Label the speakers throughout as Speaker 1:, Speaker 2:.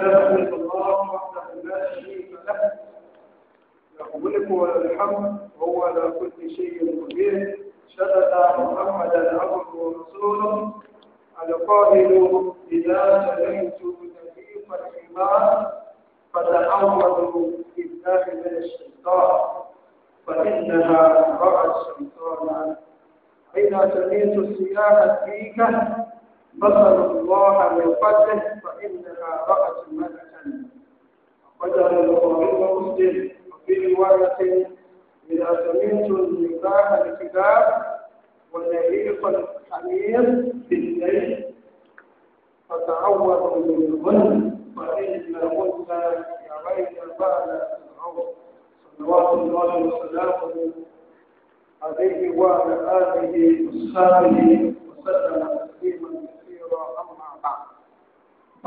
Speaker 1: إله إلا الله وحده لا شريك له له الملك وله الحمد وهو على كل شيء قدير أشهد محمدا عبده ورسوله القائل إذا سمعت تكليف الإيمان فتعوذوا بالله من الشيطان فإنها رأى الشيطان إذا سمعت صياح الديكة فاسألوا الله من فضله فإنها رأت ملكا وجعل البخاري ومسلم وفي رواية إذا سمعت نكاح الكتاب ونعيق الحمير في الليل فتعوضوا فإن فإنهن يرين بعد صلوات الله وسلامه عليه وعلى آله وصحبه وسلم تسليما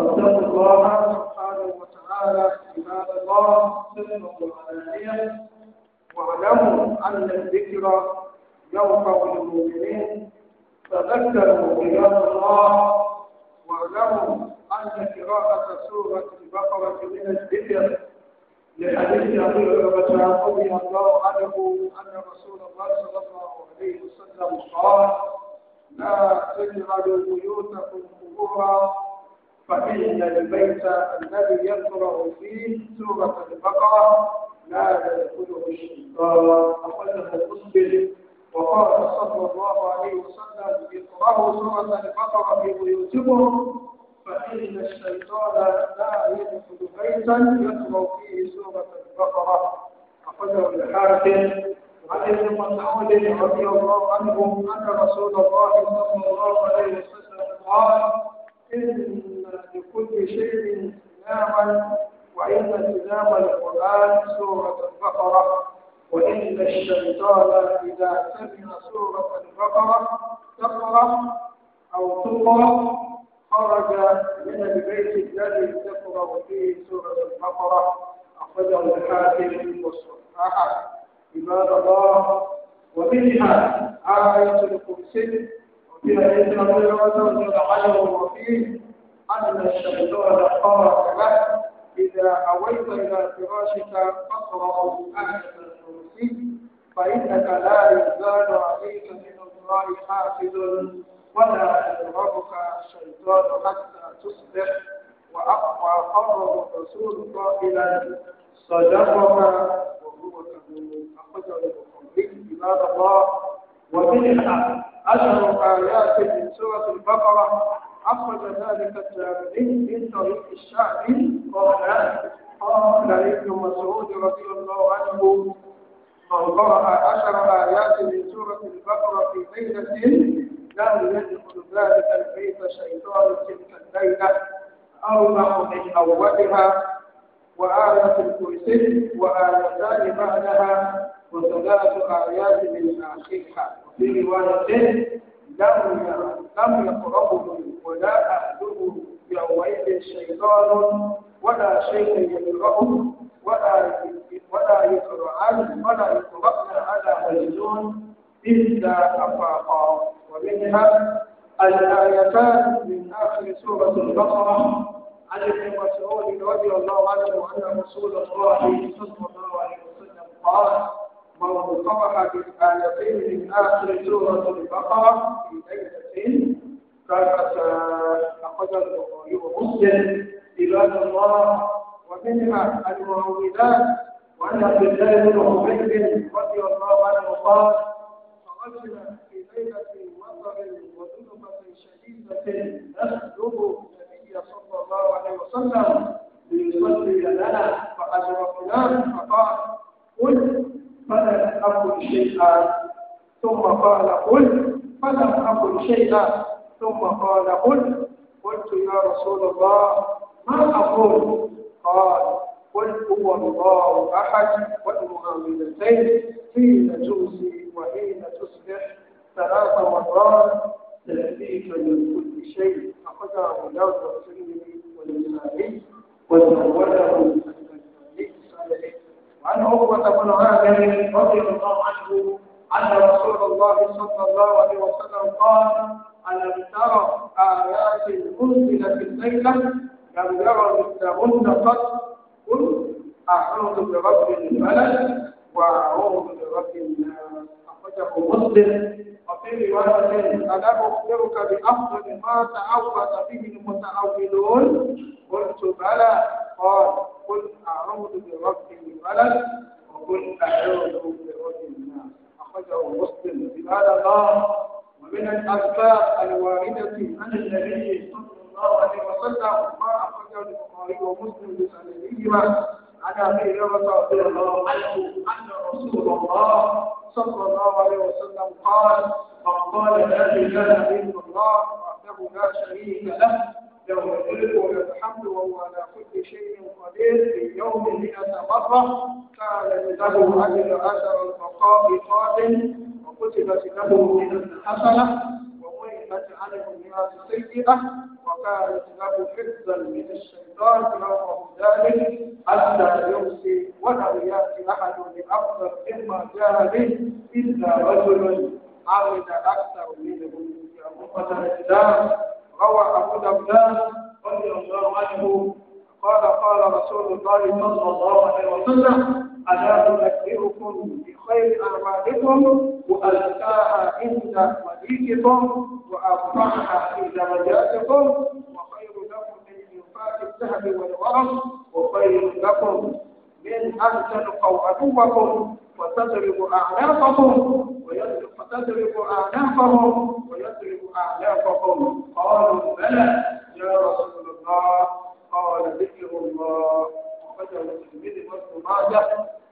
Speaker 1: فاتقوا الله سبحانه وتعالى عباد الله سرا وعلانية واعلموا أن الذكر ينفع للمؤمنين تذكروا عباد الله واعلموا أن قراءة سورة البقرة من الذكر
Speaker 2: لحديث أبي هريرة
Speaker 1: رضي الله عنه أن رسول الله صلى الله عليه وسلم قال لا تجعلوا بيوتكم قبورا فإن البيت الذي يقرأ فيه سورة البقرة لا يدخله الشيطان أخرجه مسلم وقال صلى الله عليه وسلم اقرأوا سورة البقرة في بيوتكم فإن الشيطان لا يدخل بيتا يقرأ فيه سورة البقرة أخرجه الحاكم عن ابن مسعود رضي الله عنه أن رسول الله صلى الله عليه وسلم قال إن لكل شيء إماما وإن إمام القرآن سورة البقرة وإن الشيطان إذا سمع سورة البقرة تقرأ أو تقرأ خرج من البيت الذي تقرأ فيه سورة البقرة أخرجه الحاكم والصحاح عباد الله ومنها آية الكرسي وفيها إذن الله عز وجل وفيه أن الشيطان قال له إذا أويت إلى فراشك فاقرأ آية الكرسي فإنك لا يزال عليك من الله حافظ ولا يضربك الشيطان حتى تصبح وأقرب الرسول قائلا صدقك وهو كذوب أخرجه أخرج ذلك التابعي من طريق الشعبي قال قال ابن مسعود رضي الله عنه من قرأ عشر آيات من سورة البقرة في ليلة لم يدخل ذلك البيت شيطان تلك الليلة أوضع من أولها وآية الكرسي وآيتان بعدها وثلاث آيات من آخرها وفي رواية لم يقربه ولا أهله يومئذ شيطان ولا شيء يقرأه ولا ولا يقرأن ولا يقرأن على مجنون إلا أفاقا ومنها الآيتان من آخر سورة البقرة عن ابن مسعود رضي الله عنه أن رسول الله صلى الله عليه وسلم قال موقفها في آيتين من آخر سورة البقرة في ليلة كانت آه، أخذ البخاري ومسلم عباد الله ومنها المعوذات وأن عبد الله بن عبيد رضي الله عنه قال خرجنا في ليلة مطر وظلمة شديدة نخدم النبي صلى الله عليه وسلم ليصلي لنا فأجرقناه فقال قل فلا أقل شيئا ثم قال قل فلم أقل شيئا ثم قال قل قلت يا رسول الله ما أقول قال قل هو الله أحد والمعاملتين حين تمسي وحين تصبح ثلاث مرات تأتيك من كل شيء أخذه لوز السلمي والنسائي وزوله النسائي وعن عقبة بن هاجر رضي الله عنه أن رسول الله صلى الله عليه وسلم قال ألم ترى آيات أنزلت الليلة لم يرى مثلهن قط قل أعوذ برب الفلك وأعوذ برب الناس أخرجه مسلم وفي رواية ألا أخبرك بأفضل ما تعوذ به المتعوذون قلت بلى قال قل أعوذ برب الولد وقل أعوذ برب الناس أخذ مسلم عباد الله
Speaker 2: ومن الأسباب الواردة
Speaker 1: عن النبي صلى الله عليه وسلم ما أخذ البخاري ومسلم بسندهما عن أبي هريرة رضي الله عنه أن رسول الله صلى الله عليه وسلم قال من قال لا إله إلا الله وحده لا شريك له له الملك وله الحمد وهو على كل شيء قدير في يوم 100 مرة كانت له أجر أثر البقاء قادم وكتبت له من الحسنة وقيمت عنه مئة سيئة وكانت له حفظا من الشيطان رواه ذلك حتى يمسي ولا يأتي أحد بأفضل مما جاء به إلا رجل عمل أكثر منه يا قتل روى أبو دبان رضي الله عنه قال قال رسول الله صلى الله عليه وسلم ألا أذكركم بخير أعمالكم وأزكاها عند مليككم وأرفعها في درجاتكم وخير لكم من إنفاق الذهب والورق وخير لكم من أن تلقوا عدوكم وتضربوا أعناقكم وتدرك أعنافهم ويدرك أعنافهم قالوا بلى يا رسول الله قال ذكر الله وقدر الترمذي وابن ماجه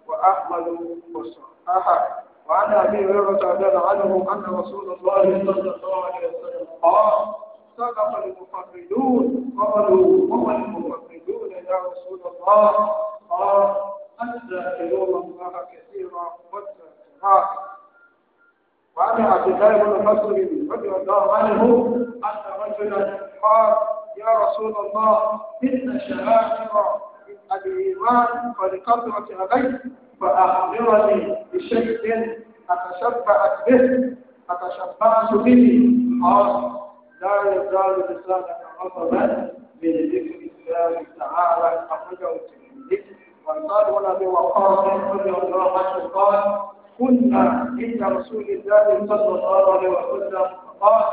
Speaker 1: وأحمد وصححه وعن أبي هريرة رضي الله عنه أن رسول الله صلى الله عليه وسلم قال صدق المفردون قالوا وما المفردون يا رسول الله قال الذاكرون الله كثيرا والذاكرات وعن عبد الله بن مسعود رضي الله عنه أن رجلا قال يا رسول الله إن شرائع الإيمان قد قطعت علي فأخبرني بشيء أتشبعت به أتشبعت به قال لا يزال لسانك غضبا من ذكر الله تعالى أخرجه الترمذي وقال ابي وقاص رضي الله عنه قال كنا عند رسول الله صلى الله عليه وسلم فقال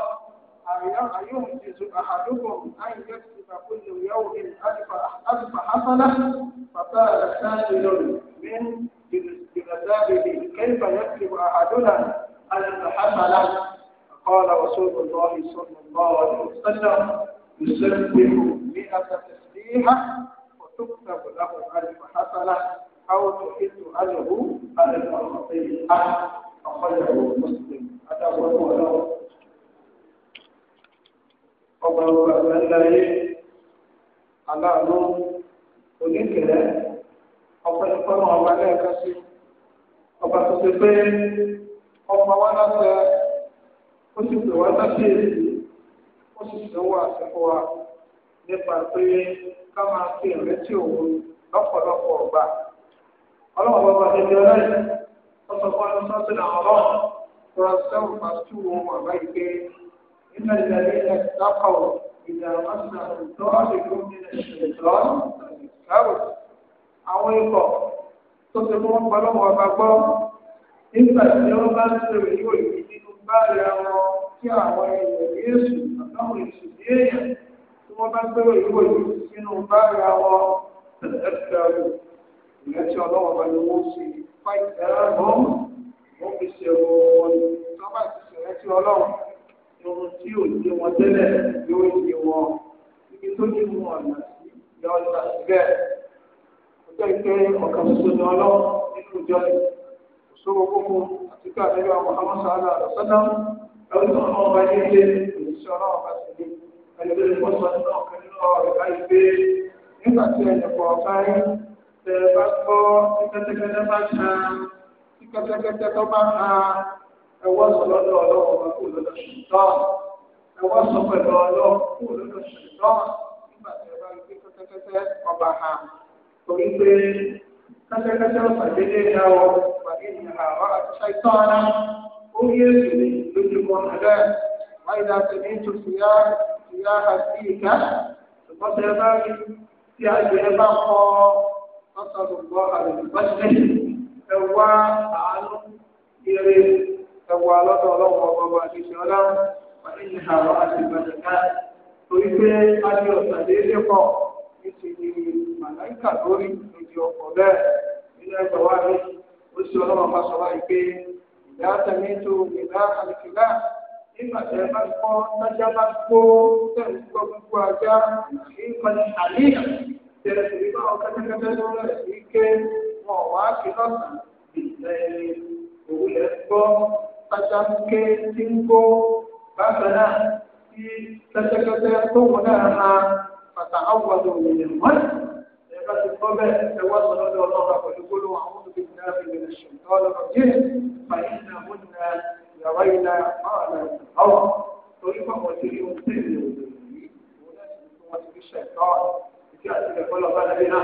Speaker 1: أيمجز أحدكم أن يكتب كل يوم ألف ألف حسنة فقال سائل من جلسائه كيف يكتب أحدنا ألف حسنة فقال رسول الله صلى الله عليه وسلم يسبح مئة تسبيحة وتكتب له ألف حسنة أو تحس أجره على المعطي أحد أخرجه مسلم هذا هو له wá nípa pé ká máa fi ìrètí òun lọ́pọ̀lọpọ̀ ọlọ́wọ́ bàbá àtẹ̀jẹ́ ọlọ́yìn ọ̀sọ̀ fún ọdún sọ́ọ̀tún àwọn ọlọ́run kúrọ̀ sẹ́wọ̀n pàṣẹ wọn wà báyìí pé nínú ìdàlẹ́ ilẹ̀ dákọ̀ ìdàrọ̀ ọ̀sán tó ọ̀dẹ̀kùn nílẹ̀ ìṣẹ̀lẹ̀ àwọn ikọ̀ tó ti mú wọn pọlọ́wọ́ ọba gbọ́ nígbà tí wọ́n bá ń sèrè yóò yìí nínú báyìí àwọn tí àwọn èèyàn yéésù àtàwọn èsù ní èèyàn tí wọ́n bá ń sèrè yóò yìí nínú báyìí àwọn ẹ̀ẹ́dẹ̀gbẹ̀rún ìrètí ọlọ́wọ́ bá ní wọ́n sì fáì ẹ̀rọ wọ́n fi ṣe wọn sábà ti ṣe ìrètí ọlọ́wọ́ ohun tí ò yé wọn tẹ́lẹ̀ yóò yé wọn ibi tó ní mu ọ̀nà sí yọ ọ̀nà síbẹ̀ ọjọ́ ìpè ọ̀kan ṣoṣo ní ọlọ́wọ́ nínú ìjọ ni òṣòro kókó àti ká àtẹ́lẹ́ ọmọ amọ́sá àlọ́ àlọ́sọ́nà ẹ̀rọ ọmọ ọba yé ilé òṣìṣẹ́ ọlọ́wọ́ bá ti dé ẹ̀rọ ìgbésẹ̀ pọ̀ sọ nínú ọ̀kan nínú ọ̀rẹ́ báyìí pé nígbà tẹ ẹ bá gbọ́ tí kẹ́tẹ́kẹ́tẹ́ bá ṣá tí kẹ́tẹ́kẹ́tẹ́ tó bá ṣá ẹwọ́ sọ lọ́dọ̀ ọlọ́wọ́ bá kú lọ́dọ̀ ṣùgbọ́n ẹwọ́ sọ pẹ̀lú ọlọ́wọ́ kú lọ́dọ̀ ṣùgbọ́n nígbà tí ẹ bá rí kẹ́tẹ́kẹ́tẹ́ ọba ha torí pé kẹ́tẹ́kẹ́tẹ́ ọ̀sà dédé ya ọ pàdé ìyàrá àwọn àti ṣáìtọ́ ara ó yé èsì lójúmọ́ ẹ̀rẹ́ ọ̀sọ̀rọ̀ gbọ́ àlùbọ́sẹ̀ ẹ̀wá àánú ire ẹ̀wá lọ́dọ̀ ọlọ́wọ́ ọgbọ́gbọ́ àdìsí ọlọ́run wàlẹ́ ní àwọn àṣìbàjẹ́ náà torí pé a ní ọ̀sán déédé pọ̀ níṣẹ́ ni màláìkà lórí lójú ọkọ̀ bẹ́ẹ̀ nínú ẹgbẹ̀ wá mi ó sì ọlọ́run bá sọ wáyé pé ìdá àtẹ̀mí tó ìdá àlùkìlá nígbà tẹ bá kọ́ tájá bá kó tẹ̀ gbọ́ gbogbo ajá ìkànnì àlíyàn tẹ̀lé tẹ̀lé bá wọn kẹ́tẹ́kẹ́tẹ́ tó rẹ̀ sí ké wọn wá sí lọ́sàn-án ìṣẹ́ òwú lẹ̀ gbọ́ pátá ké tí ń kó bákan náà tí kẹ́tẹ́kẹ́tẹ́ tó wọn náà ha pàtà àwọn ọ̀dọ̀ òwúlẹ̀ wọ́n ẹ bá ti kọ́ bẹ́ẹ̀ ẹ wá sọ lọ́dọ̀ ọlọ́ba pẹ̀lú gbólóhùn àwọn olùdókòwò náà fi lè ṣèǹtọ́ lọ́dọ̀ yìí fàyín náà wọ́n ní ìyàwó yìí náà máa lọ ìyàwó torí báwọn ti rí ohun tẹ̀lé òwúlẹ̀ yìí òun náà ti fi ṣẹ̀tọ́ tí a ti lè kọ́lọ̀ bá lẹ́yìn náà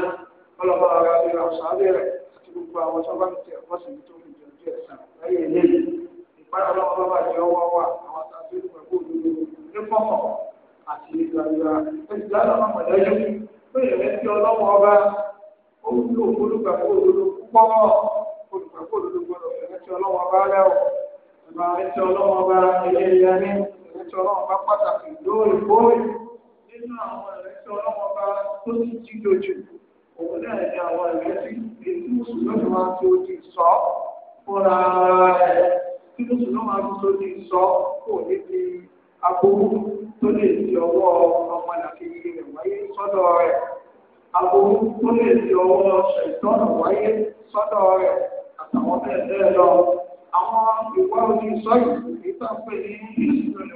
Speaker 1: kọ́lọ̀ bá ara rẹ̀ àṣàlẹ̀ rẹ̀ àti gbogbo àwọn tó bá ń tẹ̀ wọ́n sì ní tó fi jẹun díẹ̀ sàn láyé ilé ìpáyà ọlọ́wọ́ bá bàjẹ́ ọwọ́ wa àwọn àtàkùn ìgbàgbọ́ òdodo ní pọ̀pọ̀ àti ìgbàgbà ẹ̀sìn lánàá máa mọ̀lẹ́yìn pé ìrẹsì ọlọ́wọ́ ọba ó ń lò olùgbàgbọ́ òdodo púpọ̀ olùgbàgbọ́ òdodo gbọdọ̀ ìrẹsì ọlọ́wọ́ ọba rẹ̀ ọ̀ ìrẹsì ọlọ́wọ́ ọba ilé ìyá ní ìrẹsì ọlọ́wọ́ ọba pàtàkì lóòrèkóòrè nínú àwọn ìrẹsì ọlọ́wọ́ bá tó ti jí lójú òun náà ní àwọn ìrẹsì èyí mùsùlùmí máa tó ti sọ fúnra ẹ̀ tí mùsùlùmí máa tó ti sọ kò ní ti aburú tó lè di ọwọ́ ọmọ làkèyí rẹ̀ wáyé sọ́dọ̀ rẹ̀ aburú tó lè di ọwọ́ ṣẹ̀tọ́nà wáyé sọ́dọ̀ rẹ̀ àtàwọn bẹ́ẹ̀ bẹ́ẹ̀ lọ àwọn ìwà òní sọ́yìn ìtàn pé ní ìṣúná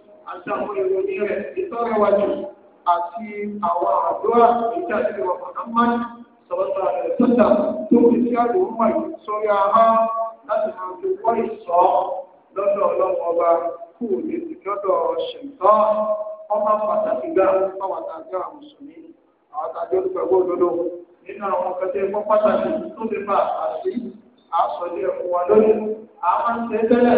Speaker 1: àtàwọn ìròyìn rẹ̀ ìtọ́rẹwájú àti àwọn àdúrà ìjà sí ọmọ náà sọ̀rọ̀ta rẹ̀ sọ́tà tó fi sí àdúgbò yìí sórí ahá láti máa fi wọ́n ìsọ́ lọ́dọ̀ ọlọ́mọ ọba kù lè fi lọ́dọ̀ ṣèǹtọ́ ọmọ pàtàkì gbá fáwọn àtàjọ àmùsùnmí àwọn àtàjọ olùgbàgbọ́ òdodo nínú àwọn kẹtẹ ẹ̀kọ́ pàtàkì tó lè bá àṣì àsọdẹ ẹ̀kọ́ wa lónìí àwọn àti ẹ̀tẹ́lẹ̀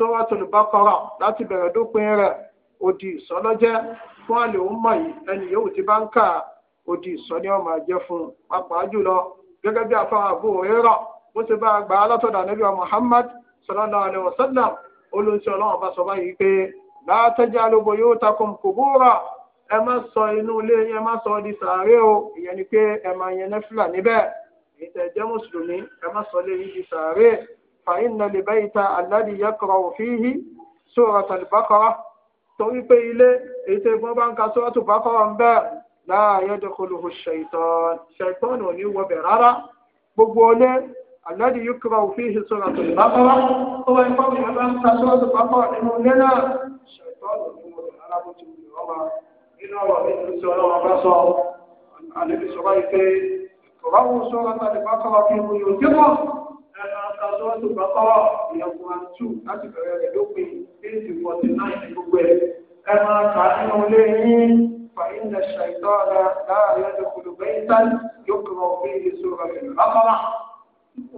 Speaker 1: Suratul Baqara láti bẹ̀rẹ̀ dópin rẹ̀ odi ìsọlọ́jẹ́ fún àlè òun mọ̀ yìí ẹni yòówù ti bá ń kà odi ìsọní ọmọ àjẹ fún un pàápàá jùlọ gẹ́gẹ́ bí afárá àbò rírọ̀ bó ti bá a gbà á látọ̀dọ̀ ànábì wa Muhammad sallallahu alaihi wasallam olùsí ọlọ́run bá sọ báyìí pé la tajalu buyutakum qubura ẹ má sọ inú ilé ẹ má sọ di sàárè o ìyẹn ni pé ẹ máa yẹn nẹ́fìlà níbẹ̀ ìtẹ̀jẹ́ mùsùlùmí ẹ má sọ ilé yín di sàárè فإن البيت الذي يقرأ فيه سورة البقرة torí pé ilé èyí tó gbọ́n bá ń ka sọ́ọ́tù bá kọ́ ń bẹ́ẹ̀ láàyè dẹ́kọlùhù ṣèitán ṣèitán ò ní wọbẹ̀ rárá gbogbo ilé àládìí yóò kíra òfin ìṣòro tó wáyé fọ́ọ̀mù yẹn bá ń ka sọ́ọ́tù bá kọ́ ní ka sọ́ọ́tù kọ́kọ́ ìyẹn one two láti bẹ̀rẹ̀ rẹ̀ lópin eighty forty nine gbogbo ẹ̀ ẹ máa kà nínú ilé yín فإن الشيطان لا يدخل بيتا يقرأ فيه سورة البقرة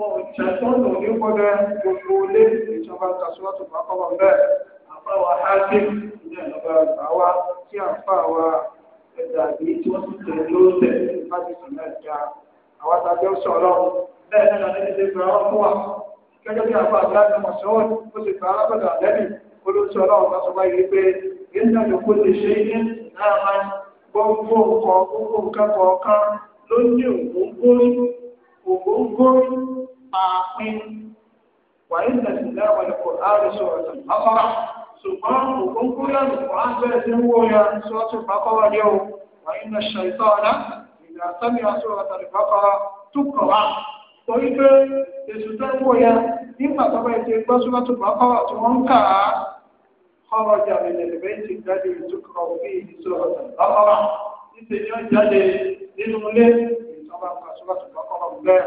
Speaker 1: والشيطان يقول يقول ìjọba tasọ́ọ́tù kọ́kọ́ bẹ́ẹ̀ àfáwà hákìm ní ẹ̀nàbà àwa tí àfáwà ẹ̀dà àbí tí wọ́n ti tẹ̀lé ó tẹ̀lé láti sùn náà já àwọn tàbí ó sọ̀rọ̀ bẹ́ẹ̀ náà lọ́dún ti gbà ọ́ fún wa gẹ́gẹ́ bí àpá àti láti mọ̀ sọ́ọ́ ó sì gbà alábọ̀dọ̀ àlẹ́bì olóṣù ọlọ́run bá sọ báyìí pé ìdájọ́ kó lè ṣe é náà máa ń gbọ́ngbò nǹkan gbogbo nǹkan kọ̀ọ̀kan ló ní ògóngórí ògóngórí pàápín wàyí ìtẹ̀sí lẹ́wọ̀n ẹ̀kọ́ àrùsọ̀ ọ̀sán bákọ́rà ṣùgbọ́n ògóngórí àlùkò á bẹ̀rẹ̀ sí wó ya sọ́ọ̀tù bákọ́rà ní o wàyí ìtẹ̀sí ṣàìtọ́ ọ̀dá ìgbà sẹ́mi àṣọ ọ̀sán bákọ́rà tó kọ̀ wá torí pé èsù tó ń wò ya nígbà tó bá ti gbọ́ súnmọ́ tó bá kọ́wà tí wọ́n ń kà á kọ́rọ̀ jà mí lè lè ti jáde ètò kan bí ìṣòro ọ̀tọ̀lọ́kọ́wà níṣẹ́ ni ó jáde nínú ilé ìjọba ń ka súnmọ́ tó bá kọ́wà bẹ́ẹ̀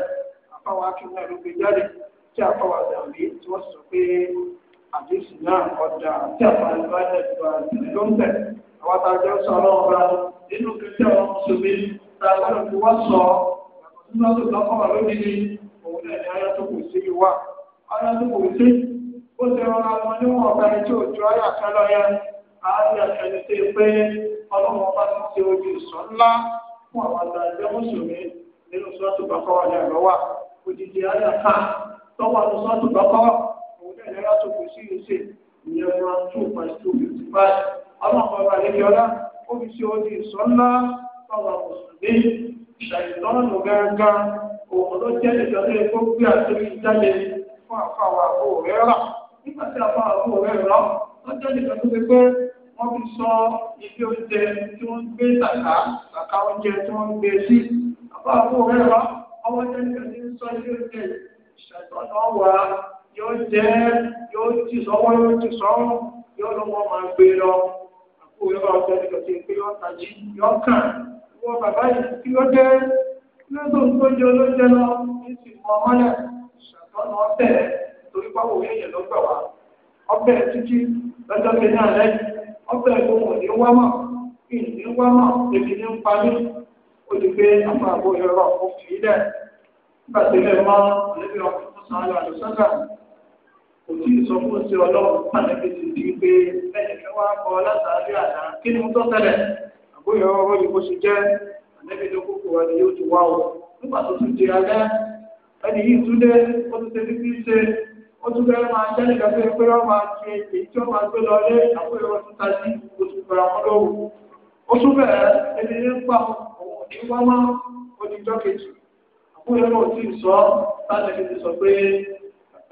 Speaker 1: àfáwọn akíwọ́n ẹ̀rọ gbé jáde tí àfáwọn àdàmí tí wọ́n sọ pé àdéhùn náà ọ̀dà tí àfáwọn ẹ̀rọ ẹ̀dùn àti ló ń bẹ̀ àwọn àtàjọ sọ ọlọ́run nínú ọdún lọ́kọ̀ wà lónìí ni òun náà ní ayá tó kù sí wà ayá tó kù sí ó ti rọra wọn níwọ̀n ọba ẹni tí òjò ayà kan lọ yẹn ààrẹ ẹni tí pé ọlọ́run ọba ti ṣe ojú ìsọ ńlá fún àwọn àgbà ẹgbẹ́ mùsùlùmí nínú sọ́ọ̀tù bàkọ́ wà ní àlọ́wà òdìdí ayà ká tọ́wọ́ àwọn sọ́ọ̀tù bàkọ́ òun náà ní ayá tó ṣàìtọ́nù gángan òun ló jẹ́ ìtọ́jú epo gbé àtúrí jáde fún àfàwà àbò rẹ̀ rà nígbà tí àfàwà àbò rẹ̀ rà ó jẹ́ ìtọ́jú pé wọ́n fi sọ ibi oúnjẹ tí wọ́n ń gbé tàkà tàkà oúnjẹ tí wọ́n ń gbé sí àfàwà àbò rẹ̀ rà ọwọ́ jẹ́ ìtọ́jú sọ ibi oúnjẹ ṣàìtọ́nù wà yóò jẹ́ yóò ti sọ́wọ́ yóò ti sọ́run yóò lọ́wọ́ máa gbé lọ àbò rẹ̀ rà ó jẹ́ wọ bàbá yìí kí ló dé lọ́dọ̀ tó jẹ lọ ní ti ọmọlẹ̀ ṣàtọ́nà ọbẹ̀ torí pápá òye ló gbà wá ọbẹ̀ títí lọ́jọ́ pé náà lẹ́yìn ọbẹ̀ tó wọ̀ ní wámọ̀ kí ní wámọ̀ èmi ní ń parí ó ti àwọn àbò kò fi nígbà tí ilé mọ́ ọ̀lẹ́bí ọkùnrin bóyá ọ̀rọ̀ yìí je ṣe jẹ́ ànẹ́bí ló kúkú wa ni yóò ti wá o nígbà tó tún di alẹ́ ẹni yìí tún dé ó tún tẹ́lẹ̀ kí ṣe ó tún fẹ́ máa jẹ́ nìkan tó yẹ pé wọ́n máa ṣe èyí tí wọ́n máa gbé lọ sọ ti sọ pé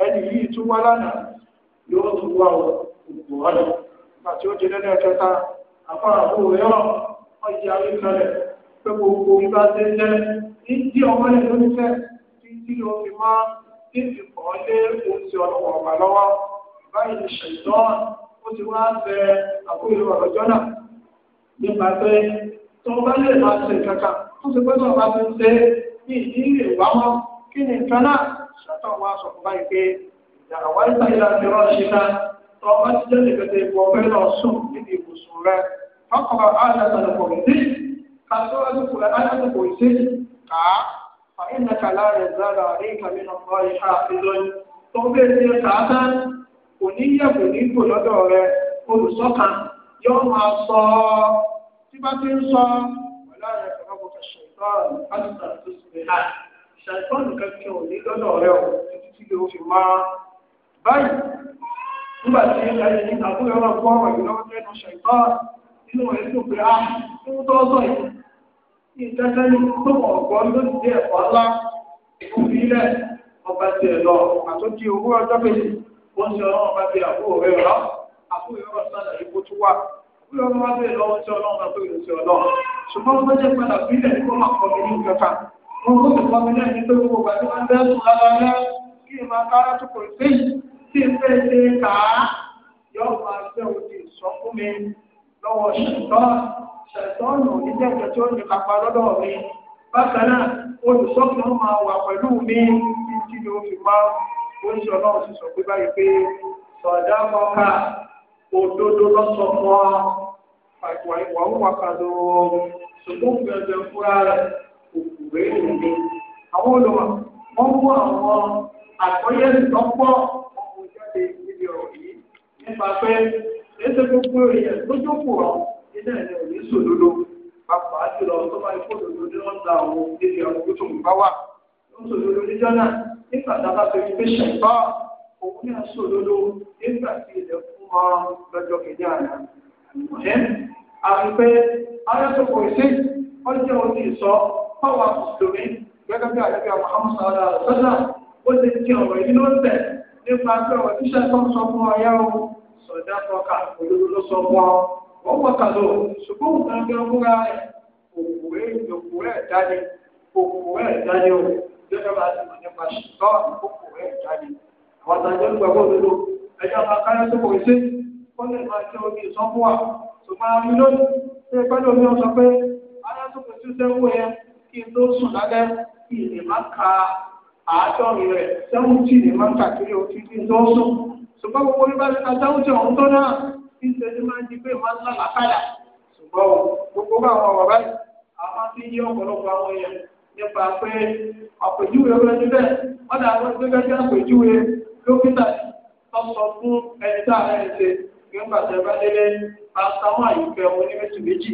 Speaker 1: ẹni yìí tún wá lánàá yóò tún wá o ó ọjà ìkàlẹ̀ pé gbogbo ìgbà ṣe jẹ́ ní tí ọmọ yẹn ló ń fẹ́ tí tí o fi máa ní ìkọ́lé oṣù ọ̀nà ọ̀gbà lọ́wọ́ báyìí ní ṣèjọ́ ó ti wá bẹ àkóyọ ọ̀rọ̀jọ́ náà nípa pé tó bá lè máa ṣe kankan tó ti pẹ́ tó bá ti ń ṣe ní ìdílé ìwámọ́ kí ni nǹkan náà ṣètò àwọn aṣọ fún báyìí pé ìyàrá wáyé báyìí láti rọ́ọ̀ṣì náà tó bá ti jẹ́ nìkan tó ìwọ fẹ́ lọ sùn níbi ibùsùn rẹ̀ akọ̀wé alàtàlùkọ̀ sí kàtọ́wájú kùrẹ́ alàtàlùkọ̀ sí kà á fa iná kàlá rẹ̀ zára rí kàmí nà fọ́ ìhà ìlọrin tó bẹ́ẹ̀ ti kà á tán kò ní yẹ kò ní kò lọ́dọ̀ rẹ olùsọ́kà yóò máa sọ tí bá ti ń sọ ọ̀la rẹ̀ kọ̀ọ̀kan kò fẹ̀ ṣèǹtọ́ọ̀nù alùpàá tó sì lè hà ṣàìtọ́nù kankan ò ní lọ́dọ̀ rẹ o tí lè o fi máa báyìí nígbà tí ẹni àbúrò ọlọ́gbọ́n ọ̀rọ̀ ìlọ́wọ́ inú rẹ̀ ah, tó pé á tó tọ́sọ̀ yìí ní ní tó wọ̀ gbọ́ lóṣù dé ẹ̀kọ́ ńlá ìkùnfin ilẹ̀ ọba ti ẹ̀ lọ àtúntì owó ọjọ́ méjì ó ń ṣe ọlọ́run bá fi àbúrò rẹ̀ rọ́ àbúrò sọ̀nà ìbò tó wà àbúrò rẹ̀ bá fi lọ́wọ́ sí ọlọ́run bá fi lọ́sí ọlọ́run ṣùgbọ́n wọ́n jẹ́ padà sílẹ̀ kó má kọ́ mi ní ìjọba wọn ó sì kọ́ mi ní pé tó kò lọ́wọ́ ṣẹ̀tọ́ ṣẹ̀tọ́nù onídẹ́gbẹ̀ tí ó ní kápá lọ́dọ̀ mi bákan náà olùsọ́kùnrin ó máa wà pẹ̀lú mi títí ni ó fi pa oríṣi ọlọ́run sì sọ pé báyìí pé sọ̀dá kọ́ka òdodo lọ́sọ̀ fún ọ ìwà wúwa kàdó ṣùgbọ́n gbẹ̀gbẹ̀ fúra rẹ̀ òkùnrin rèé mi àwọn olùwà wọ́n mú àwọn àkọ́yẹ́sì lọ́pọ̀ ọkùnrin jáde níbi ọ̀rọ̀ yìí nípa pé ètò gbogbo èèyàn tó jókòó ọ iná ẹni ò ní sòdodo papọ̀ àjùlọ tó bá ikú òdodo ní wọn da àwọn níbi àwọn ojú tó ń bá wà ó ń sòdodo níjọ́ náà nígbà tá a bá fẹ́ fi ṣẹ̀tọ́ òun ní àsòdodo nígbà tí ilẹ̀ fún ọ lọ́jọ́ kejì àná ẹ̀ àfipẹ́ arákòkò ìṣe ọjọ́ òní ìsọ fáwọn mùsùlùmí gẹ́gẹ́ bí àdébí àwọn hamusa ọ̀dà àlùfẹ́sà ó ti di ọ̀rọ̀ yìí ló ń bẹ̀ nípa pé ọ̀rọ̀ sọ̀dá tọ́ka olódó ló sọ fún ọ wọ́n pọ̀kà lò ṣùgbọ́n òun gbẹ múra rẹ̀ òkúrẹ́ òkúrẹ́ ìdáni òkúrẹ́ ìdáni o jẹ́jọ́ bá ti mọ̀ nípa ṣùgbọ́n òkúrẹ́ ìdáni àwọn àtàjọ ń gbàgbọ́ òdodo ẹjọ́ máa káyọ́ tó kòrí sí ó lè máa jẹ́ omi ìsọ́fún wa ṣùgbọ́n a rí lónìí ṣé pẹ́lú omi wọn sọ pé aláṣọ́kùn tí ó sẹ́wọ́ yẹn kí n tó sùn lálẹ́ kí ìlè má ka àádọ́rin rẹ̀ sẹ́wọ́n tí ìlè má kàkiri òfin kí n tó sùn ṣùgbọ́n gbogbo bí bá ṣe aṣáwùjọ ọ̀hún tó náà kí n ṣẹ́jú máa ń di pé máa ń lá làkàlà ṣùgbọ́n gbogbo bá àwọn ọ̀rọ̀ báyìí àwọn fi yí ọ̀pọ̀lọpọ̀ àwọn nípa pé àpèjúwe wọ́n dà wọ́n gbé gẹ́gẹ́ àpèjúwe dókítà tọ́sọ fún ẹni tá a rẹ̀ ṣe nígbà tẹ́ bá délé pàṣẹwọn àyùkẹ́ wọn ní méjì méjì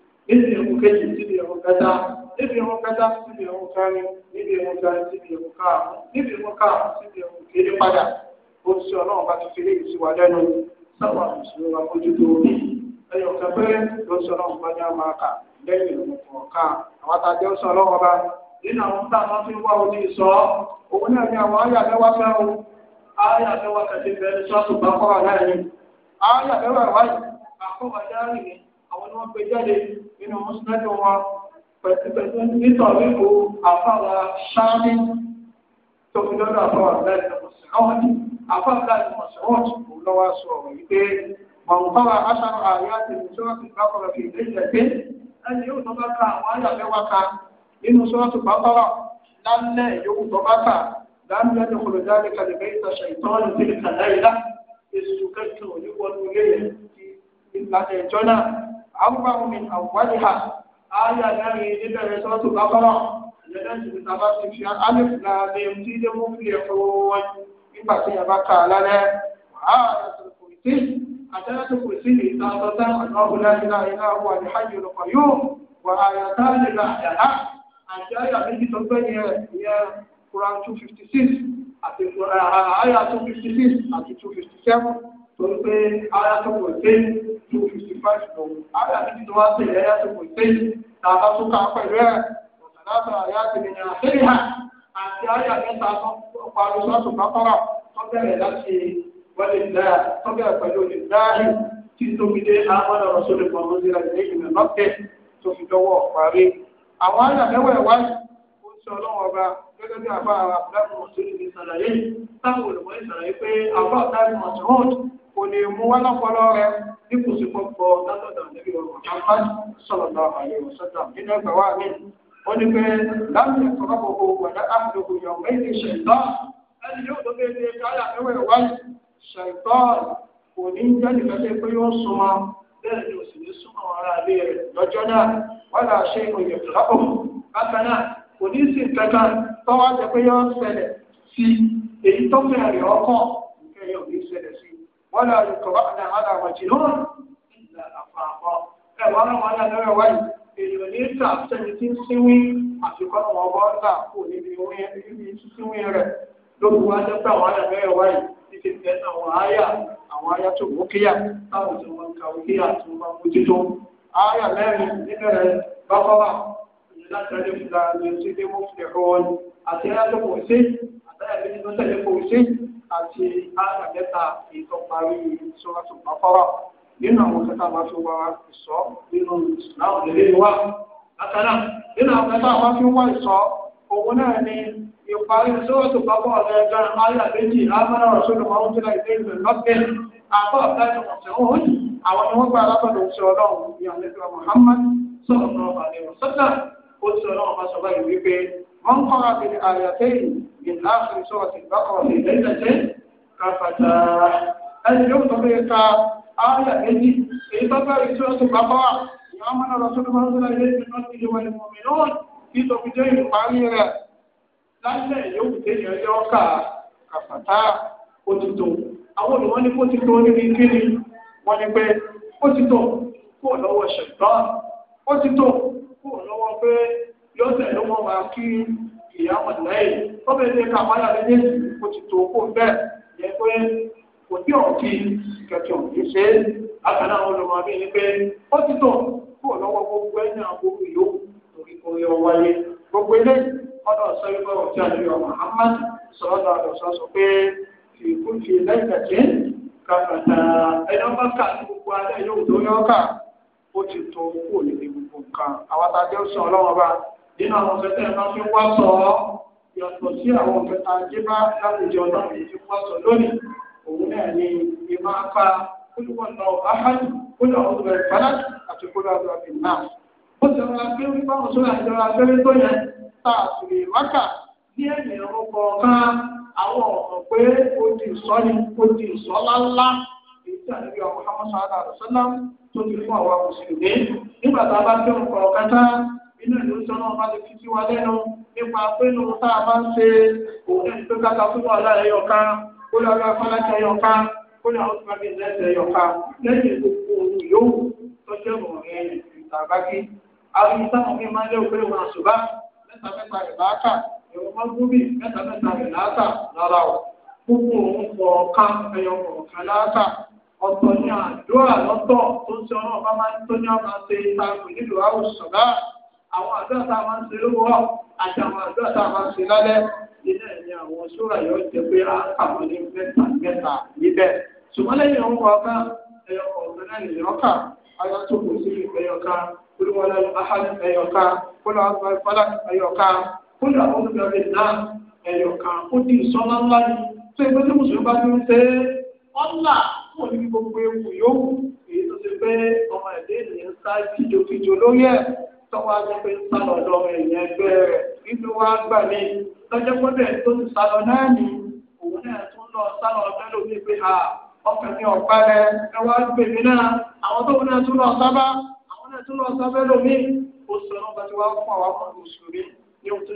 Speaker 1: n'ihi ìrun kejì síbi ìrun kẹta níbi ìrun kẹta síbi ìrun kẹrin níbi ìrun kẹrin síbi ìrun karùn níbi ìrun karùn síbi ìrun kéde padà ó ń sọ ọlọ́run bá fi léyìí sí wa lẹ́nu sábà mùsùlùmí ẹyọ ló sọ bá ní àwọn àtàjẹ ń sọ nínú àwọn fi wá omi sọ òun náà ní àwọn ayà o ayà bá nínú mùsùlùmí wọn pẹ̀lú nítorí kò àfàwà sáárín tó fi lọ́dọ̀ àfàwà láì lọ́mọ̀sọ̀rọ̀ọ̀dì àfàwà láì lọ́mọ̀sọ̀rọ̀ọ̀dì kò lọ́wọ́ sọ ọ̀rọ̀ yìí pé mọ̀nkọ́wà aṣáájú àyà ti ní sọ́ọ̀tù bákọ̀rọ̀ fi ilé ìjẹ́ pé ẹni yóò tó bá ka àwọn àyàfẹ́ wa ka nínú sọ́ọ̀tù bákọ̀rọ̀ lálẹ́ yòówù tó bá ka láńlẹ́ ní kòlòdáàlì kàlẹ́bẹ́ ìtàṣà ìtọ́ọ̀lù tí kàlẹ́ ìlà àwùbáwọn mi àwùwádìí ha ayé àdáyé níbẹ̀rẹ̀ sọ́tù bákọ́rọ̀ lẹ́dẹ̀ẹ́sì ní tàbá ti fi alif na lèm tí lè mú fi ẹ̀kọ́ wọn nígbà tí yàrá kà á lálẹ́ wàá àtẹ́lẹ́tò kò sí lè ta ọ̀tọ́tẹ́ ọ̀nàbùnà ilá wà ní hajj lọ́kọ̀ yóò wà àyàtá lè ra àyàtá àti àyà méjì tó gbẹ̀yìn rẹ̀ ìyẹn Quran two fifty six àti àyà two fifty six àti two fifty seven torí pé ara tó kò dé tó fifty five lọ ara kìíní tó wá tẹ̀lé ara tó kò dé tàbá tó ká pẹ̀lú ẹ̀ ọ̀sán àyà àtẹnìyàn àtẹnìyàn àti àyà mẹ́ta tó parí sọ́tò bákọ́rà tó bẹ̀rẹ̀ láti wọlé dáa tó bẹ̀rẹ̀ pẹ̀lú olè dáhì tí tóbi dé àwọn ọ̀rọ̀ sórí pọ̀nmọ́ sí ìrẹ̀lẹ̀ ìgbìmọ̀ lọ́kẹ́ tó fi dọ́wọ́ parí. àwọn àyà mẹ́wẹ̀ẹ́ wáyé gẹ́gẹ́ bí àbá àbúrò àbúrò tó ti táwọn olùmọ̀ ìṣàlàyé pé àbá ọ̀tá kò lè mú wá lọ́pọ̀lọ́ rẹ si kò sí gbogbo látọ̀dọ̀ ní pé tó pé sí èyí tó ọkọ̀ ní wọ́lá ìtọ̀báàdà aláwọ̀ jìnnún ìlà àfààfọ́. ẹ wọ́n náà wọ́n náà lọ́rọ̀ wáyé èèyàn ní ìta sẹ́ni tí ń síwí àfikọ́ wọn bọ́ ń là kó níbi síwí rẹ̀ lórí wá jẹ́ pé àwọn àyà lọ́rọ̀ wáyé ti ti tẹ àwọn àyà àwọn àyà tó mú kíyà táwọn tó wọn kàwé kíyà tó wọn bá mójútó. àyà mẹ́rin níbẹ̀rẹ̀ bákọ́wà látàrí fúlàní tí dé mú fìlẹ̀ rọ́ọ̀lù àti àti àyà mẹ́ta ìtọ́parí sọ́wọ́sọ pàfọ́rọ́ nínú àwọn kẹta máa fi wá ìsọ́ nínú ìsìláwò lélẹ́ wa látàlá nínú àwọn kẹta máa fi wá ìsọ́ òun náà ni ìparí sọ́wọ́sọ pàfọ́rọ́ lẹ́gbẹ̀rún àyà méjì lábára ọ̀ṣọ́nù máa ń jẹ́ ìdílé lọ́gbẹ̀ẹ́ àbọ̀ ọ̀gá ìwọ̀nsẹ̀ òun àwọn ni wọ́n gbà látọ̀dọ̀ ṣe ọlọ́run Muhammad sọ̀rọ̀ náà àlejò sọ́tà ó ti من قرأ بالآيتين من آخر سورة البقرة في ليلة كفتاه ẹni yóò tọ́ bẹ́ẹ̀ ka ayà méjì èyí tó bẹ̀rẹ̀ tí ó ti bàbá wa ìyá mọ́nà lọ́sọ́ tó bá ń sọ́nà ilé ìgbìmọ̀ ti lè wọlé mọ̀mí náà kí tòbí jẹ́ ìparí rẹ̀ lálẹ́ yóò fi tẹ̀lé ọjọ́ ká kàfàtà lọ́sẹ̀ ló wọ́n máa kí ìyáwó lẹ́yìn tó bẹ́ẹ̀ ní káfáyà méjèèjì kó ti tó kó bẹ́ẹ̀ yẹ pé kò tí ò kí kẹ̀kẹ́ ò ní ṣe àkànná àwọn ni pé ó ti tó kó lọ́wọ́ gbogbo Muhammad sọ pé kàkàtà kà gbogbo alẹ́ yóò tó yọ ọ́ kà ó ti tó kó nínú àwọn ọ̀sẹ̀tẹ̀ máa fi wá sọ ọ́ yàtọ̀ sí àwọn fi wá sọ lónìí òun náà ni ìmọ̀ apá àti náà. ó ti rọra wípé àwọn sọ́nà tá a sì lè wákà ní ẹ̀mí àwọn pé ó ti sọ ni ó ti sọ èyí tí inú ìlú sọ́nà ọba ti fi sí wa lẹ́nu nípa pé lóun tá a bá ń ṣe òun ẹni tó káta fún wàhálà ẹ̀yọ̀ kan kó lè ọlọ́ afọ́lájà ẹ̀yọ̀ kan kó lè àwọn ọ̀sùnmọ́ bíi ẹ̀sẹ̀ ẹ̀yọ̀ kan lẹ́yìn gbogbo òun yòówù tọ́jú ẹ̀mọ̀ rẹ̀ ìtàbákí. àwọn ìtàn mi máa ń lé òpè wọn àṣùbá mẹ́ta mẹ́ta rẹ̀ láàkà ẹ̀wọ̀n máa ń gún bí mẹ́ta mẹ́ta rẹ̀ láàkà lára ọ̀ gbogbo òun kọ̀ọ̀kan ẹ̀yọ̀ kọ̀ọ̀kan láàkà ọ̀tọ̀ ni àdúrà lọ́tọ̀ tó ń ṣe ọlọ́ọ̀bá máa ń tó ní ọ̀nà ṣe ìta àwọn àdúrà tá a máa ń ṣe lówó àti àwọn àdúrà tá a máa ń ṣe lálẹ́ ilé ẹ̀yìn àwọn sóra yóò jẹ́ pé a kàwọn ní mẹ́ta mẹ́ta níbẹ̀ ṣùgbọ́n lẹ́yìn òun ọ̀gá ẹ̀yọ ọ̀gbẹ́ náà nìyọ́kà ayọ́tòkò sí ẹ̀yọ̀ká olúwọlé ahad ẹ̀yọ̀ká kólà ọ̀gbẹ́fọ́lá ẹ̀yọ̀ká kólà ọ̀gbẹ́fọ́lá náà ẹ̀yọ̀ká ó di ìsọ́nà ńlá ni tó ẹgbẹ́ tí mùsùlùmí bá ti ń ṣe é ọ̀là fún ní gbogbo ewu yòówù èyí tó ti pé ọmọ ẹ̀dẹ́ ènìyàn sá tọ́wọ́ ajẹ́ pé ń sálọ lọ́rùn èèyàn nínú wa gbà mí lọ́jọ́ pọ́bẹ̀ tó ti sálọ náà ní òun náà tún lọ sálọ pé ọ̀pá rẹ ẹ wá gbè mí náà àwọn tó náà tún lọ sábà àwọn náà tún lọ sábà lómi ó sọ náà fún àwọn ní ohun tó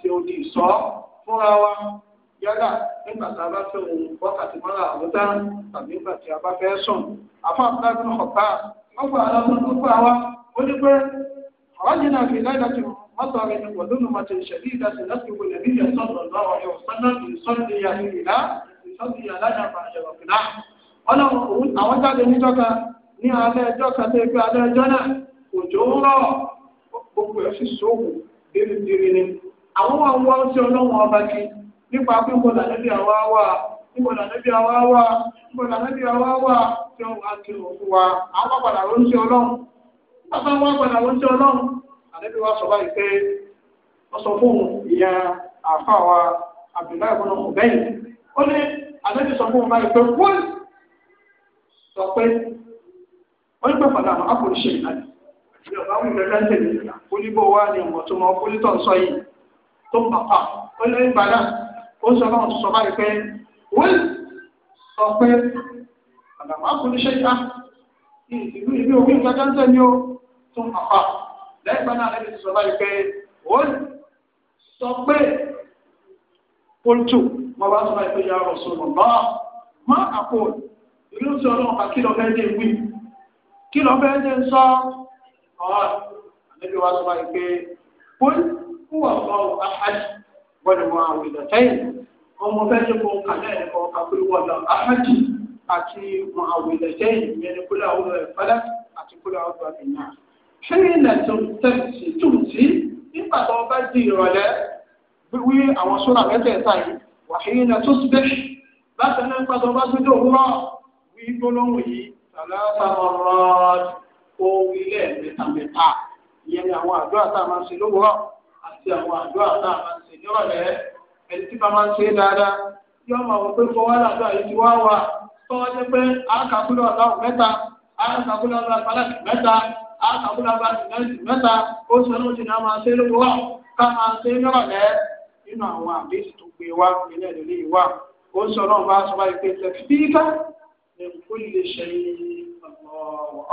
Speaker 1: ṣe odi fúnra wa yálà nígbà a bá tí a bá fẹ́ sùn خرجنا في ليلة مطر وظلمة شديدة نسلك النبي صلى الله عليه وسلم يصلي لنا يصلي لنا ما يرقناه ọlọ́run àwọn jáde níjọ́ kan ní alẹ́ ẹjọ́ kan náà òjò ń gbogbo sì sóògùn ni àwọn wà ń wá sí ọlọ́run ọba kí nípa pé ń bọ̀dà níbi àwa wà ń bọ̀dà níbi àwa wà ń bọ̀dà níbi àwa wà tí kí wa àwọn pàpàdà bàbá wọn padà wọ́n jẹ́ ọlọ́run àdébí wa sọ báyìí pé wọ́n sọ fún ìyá àfa wa Abdullahi bọ́lá ọ̀bẹ́yìn ó ní àdébí sọ fún báyìí pé wọ́n sọ pé wọ́n pẹ̀ padà àwọn akọ̀ṣe ìlànà àti ọ̀gá àwọn ìlẹ̀ lẹ́sẹ̀ nìyà ó ní bó wá ní ọ̀mọ̀ tó mọ pólítọ̀ ń sọ yìí tó ń bà pa ó ní nígbà náà ó sọ báwọn sọ báyìí pé wọ́n sọ pé padà àwọn akọ̀ṣe ìlànà ìlú ìlú òkú ìgbàjọ́ ń tẹ̀ ní o tún àpá lẹ́gbẹ́ náà lẹ́bi ti sọ báyìí pé ó sọ pé pọ́lùtù mo bá sọ báyìí pé ya Rasulullah má àpò ìlú sí ọlọ́run pa kí lọ fẹ́ dé wí kí lọ fẹ́ dé sọ ọ́ àlẹ́bí wa sọ báyìí pé pọ́lùtù wà lọ́wọ́ àhàjì wọ́n mọ àwọn ìdọ̀tẹ́yìn ọmọ fẹ́ ṣe fún kàlẹ́ ẹ̀kọ́ àpéwọ́lọ ahadi àti mọ àwọn ìdọ̀tẹ́yìn yẹn ni kúlẹ̀ àwọn ẹ̀fọ́lẹ́ àti kúlẹ̀ àwọn ìdọ̀tẹ́yìn náà ṣéyìnà tòǹtì nígbà tó bá di ìrọ̀lẹ́ wíwí àwọn sóra mẹ́tẹ̀ẹ̀ta yìí wàhíyìnà tó síbẹ̀ bákan náà nígbà tó bá tó dé òwúrọ̀ wí gbólóhùn yìí sàlátà ọ̀rọ̀ ohun ilé mẹ́tamẹ́ta ìyẹn ni àwọn àdúrà tá a máa ń ṣe lówùrọ̀ àti àwọn àdúrà tá a máa ń ṣe nírọ̀lẹ́ ẹni tí máa ń ṣe dáadáa yóò máa wọ pé fọwọ́ làdúrà yìí ti wá wa tọ́wọ́ jẹ́ pé àákàkúlọ̀ ọ̀la mẹ́ta àákàkúlọ̀ ọ̀la mẹ́ta àtàkùnlábà sìmẹ́ǹtì mẹ́ta ó sọ ní oṣù náà máa ṣe lóko wá ká máa ṣe nírọ̀lẹ́ nínú àwọn àbíṣì tó gbé wá nílẹ̀ lórí ìwà ó sọ náà bá sọ báyìí pé tẹ̀síkà ní kó lè ṣe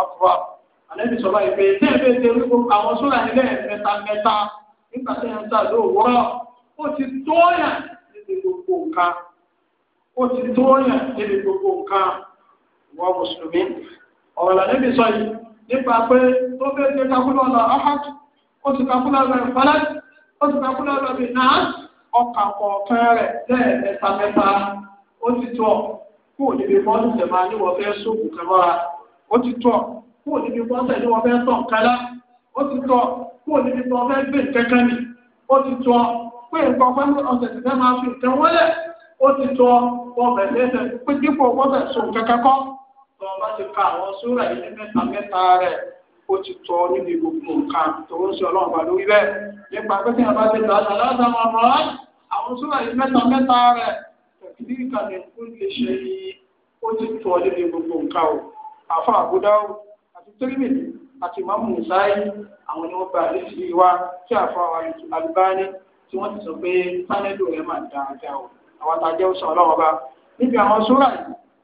Speaker 1: ọ̀pọ̀ àlẹ́bí sọ báyìí pé lẹ́ẹ̀mẹ́ ṣe wípé àwọn sólà nílẹ̀ mẹ́ta mẹ́ta nígbà tí wọ́n ń ta lóòwúrọ̀ ó ti tóyà níbi gbogbo nǹkan ó ti tóyà níbi gbogbo nǹkan ìwọ mùsùlùmí ọ̀rọ̀ làlẹ́bí sọ yìí nípa pé ó fẹ́ ṣe kakúlọ̀ lọ ahad ó ti kakúlọ̀ lọ ìfọlẹ́ ó ti kakúlọ̀ lọ bí náà ọkà kọ̀ọ̀kan rẹ̀ bẹ́ẹ̀ mẹ́ta mẹ́ta ó ti tọ̀ bọ́ọ̀lù wọ́n fẹ́ sóògùn kẹwàá ó ti tọ̀ bọ́ọ̀lù wọ́n fẹ́ tọ̀ nkálá ó ti tọ̀ tó bá ti ka àwọn súrà yìí ní mẹ́ta mẹ́ta rẹ̀ ó ti tọ́ níbi gbogbo nǹkan tó ń ṣe ọlọ́run bá lórí bẹ́ẹ̀ nípa pé kí a bá ti ta ṣàlàyé ọ̀rọ̀ àwọn súrà yìí mẹ́ta mẹ́ta rẹ̀ tẹ̀sí ìkànnì kú lè ṣe ó ti tọ́ níbi gbogbo nǹkan o àfa àbúdá o àti tírímìtì àti mọ́mú ìsáyé àwọn ni wọ́n bá àdé sí wa tí àfa àlùbáni tí wọ́n ti sọ pé sánẹ́lò rẹ̀ máa dáadáa o àwọn àtàjẹ́ òṣà ọlọ́run bá níbi àwọn súrà yìí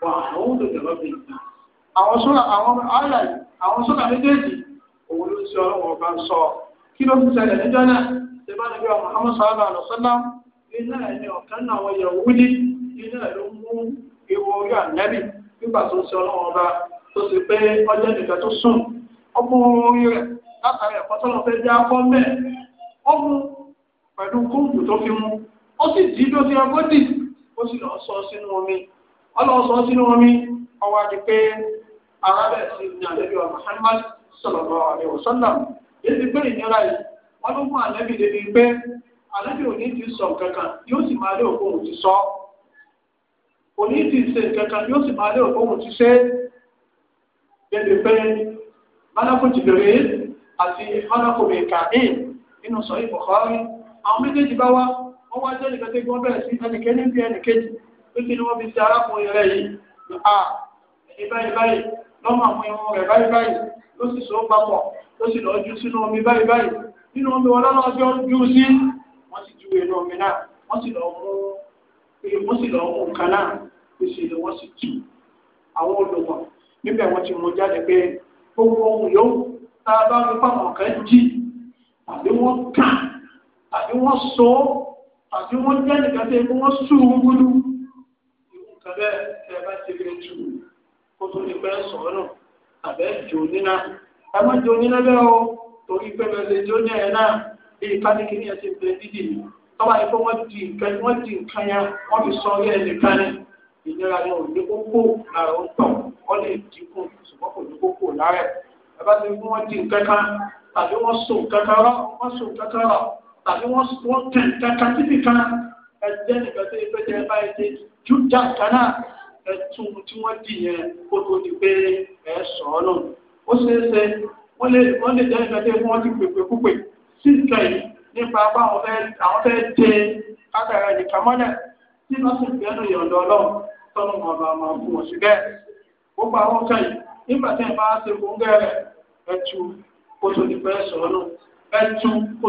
Speaker 1: wà àwọn olùdókè àwọn sọ́ra àwọn àyà méjèèjì òun ló ti ọlọ́wọ́ ọba ń sọ kí ló fi ṣẹlẹ̀ níjọ́ náà ṣe bá níbi ọmọ Muhammad sallallahu alaihi wasallam iná ọ̀kan náà wọ́n wúlí ló mú orí nígbà tó tó pé ọjọ́ ọlọ́sọ sínú omi ọwọ́ àti pé arábẹ̀ sí ní àlejò Muhammad sallallahu alaihi wasallam èsì pé ìnira yìí wọ́n ló fún àlẹ́bí débi pé àlẹ́bí òní ti sọ kankan yóò sì máa lé òkú òun ti sọ òní ti ṣe kankan yóò sì máa lé òkú òun ti ṣe débi pé malakú jìbìrì àti malakú mẹkàín nínú sọ ìbùkọ́rí àwọn méjèèjì bá wá wọ́n wá jẹ́ nìkan tó gbọ́n bẹ̀rẹ̀ sí ẹnìkejì bí ẹnìkejì pé kí ni wọ́n fi ṣe arákùnrin rẹ̀ yìí à ẹ̀yìn báyìí báyìí lọ́mọ àwọn irun rẹ̀ báyìí báyìí ló sì so papọ̀ ló sì lọ́ọ́ ju sínú omi báyìí báyìí nínú omi wọn lọ́nà ọjọ́ ju sí wọ́n sì ju inú omi náà wọ́n sì lọ́ọ́ mú wọ́n sì lọ́ọ́ mú nǹkan náà pèsè ni wọ́n sì tù àwọn olùmọ̀ níbẹ̀ wọ́n ti mú jáde pé gbogbo ohun yòó tá a bá rí pàmò kan jì tàbí wọ́n kà tàbí wọ́n so tàbí wọ́n jẹ́ nìkan tẹ́ wọ́n sùn gbúdú. sọdẹ ẹ bá ti fi tu kó tó ní pẹ́ sọ̀rọ̀ nù àbẹ́ jò níná ẹ má o torí pé bẹ́ẹ̀ lè jó ní náà ní dídì tọ́wọ́ wọ́n di nǹkan wọ́n fi sọ ní ìnira kókó lára ó tọ̀ lè dínkù ṣùgbọ́n kò ní kókó lára ẹ bá di nǹkan kan wọ́n so wọ́n so wọ́n tẹ̀ ẹjẹ́ nìkan tó yẹ pé tẹ́ ẹ báyìí ṣe jújà kaná ẹtún tí wọ́n dì yẹn kó tó di pé ẹ sọ ọ́ lọ. ó ṣeé ṣe wọ́n lè wọ́n lè jẹ́ nìkan tó yẹ kí wọ́n ti pèpè púpè sí ìka yìí nípa bá àwọn fẹ́ àwọn fẹ́ dé kátàrà nìkan mọ́lẹ̀ tí wọ́n sì fẹ́ẹ́ lòyè ọ̀dọ̀ ọlọ́run tọ́nu ọ̀bà máa fún wọn sí bẹ́ẹ̀. gbogbo àwọn kan yìí nígbà tí ẹ bá ṣe gbóngẹ́ rẹ̀ ẹtú kó tó di pé sọ ọ́ lọ ẹtú kó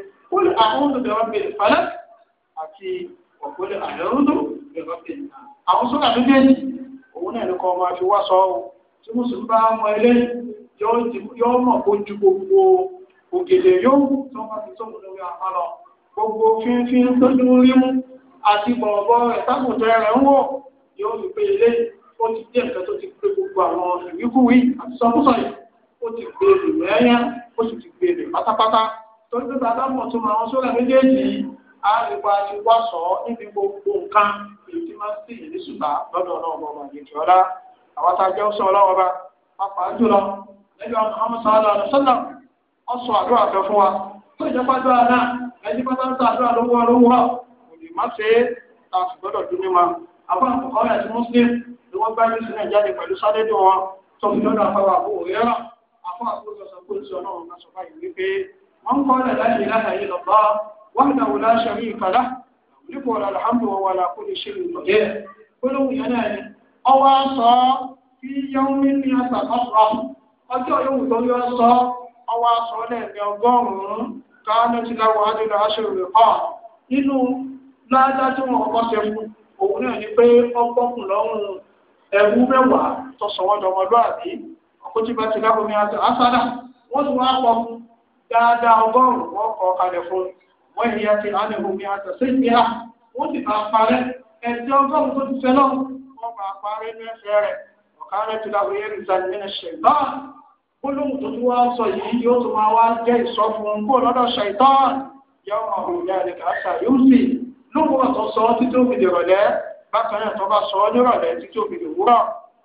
Speaker 1: kólé àhóńdó bẹ̀rọ̀ bẹ̀rẹ̀ falẹ̀ àti ọ̀pọ̀lẹ̀ àhóńdó bẹ̀rọ̀ bẹ̀rẹ̀ náà. àwọn sọ́kà méjèèjì òun náà nìkan máa fi wá sọ ọ́ tí mùsùlùmí bá mọ eléyìí yóò mọ̀ kó ju gbogbo ògèdè yóò tó wá fi sóhun lórí apá lọ gbogbo fínfín tó ní orí mú àti bọ̀ọ̀bọ̀ rẹ̀ sábòtò rẹ̀ ń wọ̀ yóò fi pé eléyìí ó ti díẹ̀ nǹkan tó ti pé gbogbo àwọn ìwíkúwí àti sọkúsọ ó ti gbé èlò ẹ̀yán ó sì ti gbé èlò pátápátá torí pé bàbá mọ̀ tó máa wọn sóra méjèèjì á lè pa ti wá sọ ọ́ níbi gbogbo nǹkan èyí tí máa ń ṣùgbà lọ́dọ̀ ọmọ àwọn tá a jẹ́ ọlọ́wọ́ bá jùlọ lẹ́yìn ọmọ ọmọ sọ́ọ́lá ọ̀nà sọ́lá ọ̀sán àdúrà fẹ́ fún wa tó ìjọba àdúrà náà ẹni ń ta ma àwọn àkọ́kọ́ rẹ̀ ti muslim من قال لا إله إلا الله وحده لا شريك له له ولا الحمد وهو على كل شيء قدير قلوا ينال أو أعصى في يوم sọ ọwọ́ asọ lẹ́ẹ̀mí ọgọ́rùn-ún káánú ti láwọn adìrẹ aṣọ rẹ̀ kọ́ nínú ládá tí wọn kọ́ ṣe fún dáadáa ọgọ́rùn wọn kọ kalẹ̀ fún wọn yìí àti àlehùn mi àtẹsẹ ìyá wọn sì máa parẹ́ ẹjọ́ ọgọ́rùn tó ti fẹ́ náà wọn máa parẹ́ ní ẹsẹ̀ rẹ̀ ọkàrẹ ti láwọn eré ìsàlẹ̀ nínú ṣẹgbà gbólóhùn tó tún wá sọ yìí yóò tún máa wá títí òfìdí rọ̀lẹ́ bákan náà tó bá sọ ọ nírọ̀lẹ́ títí òfìdí òwúrọ̀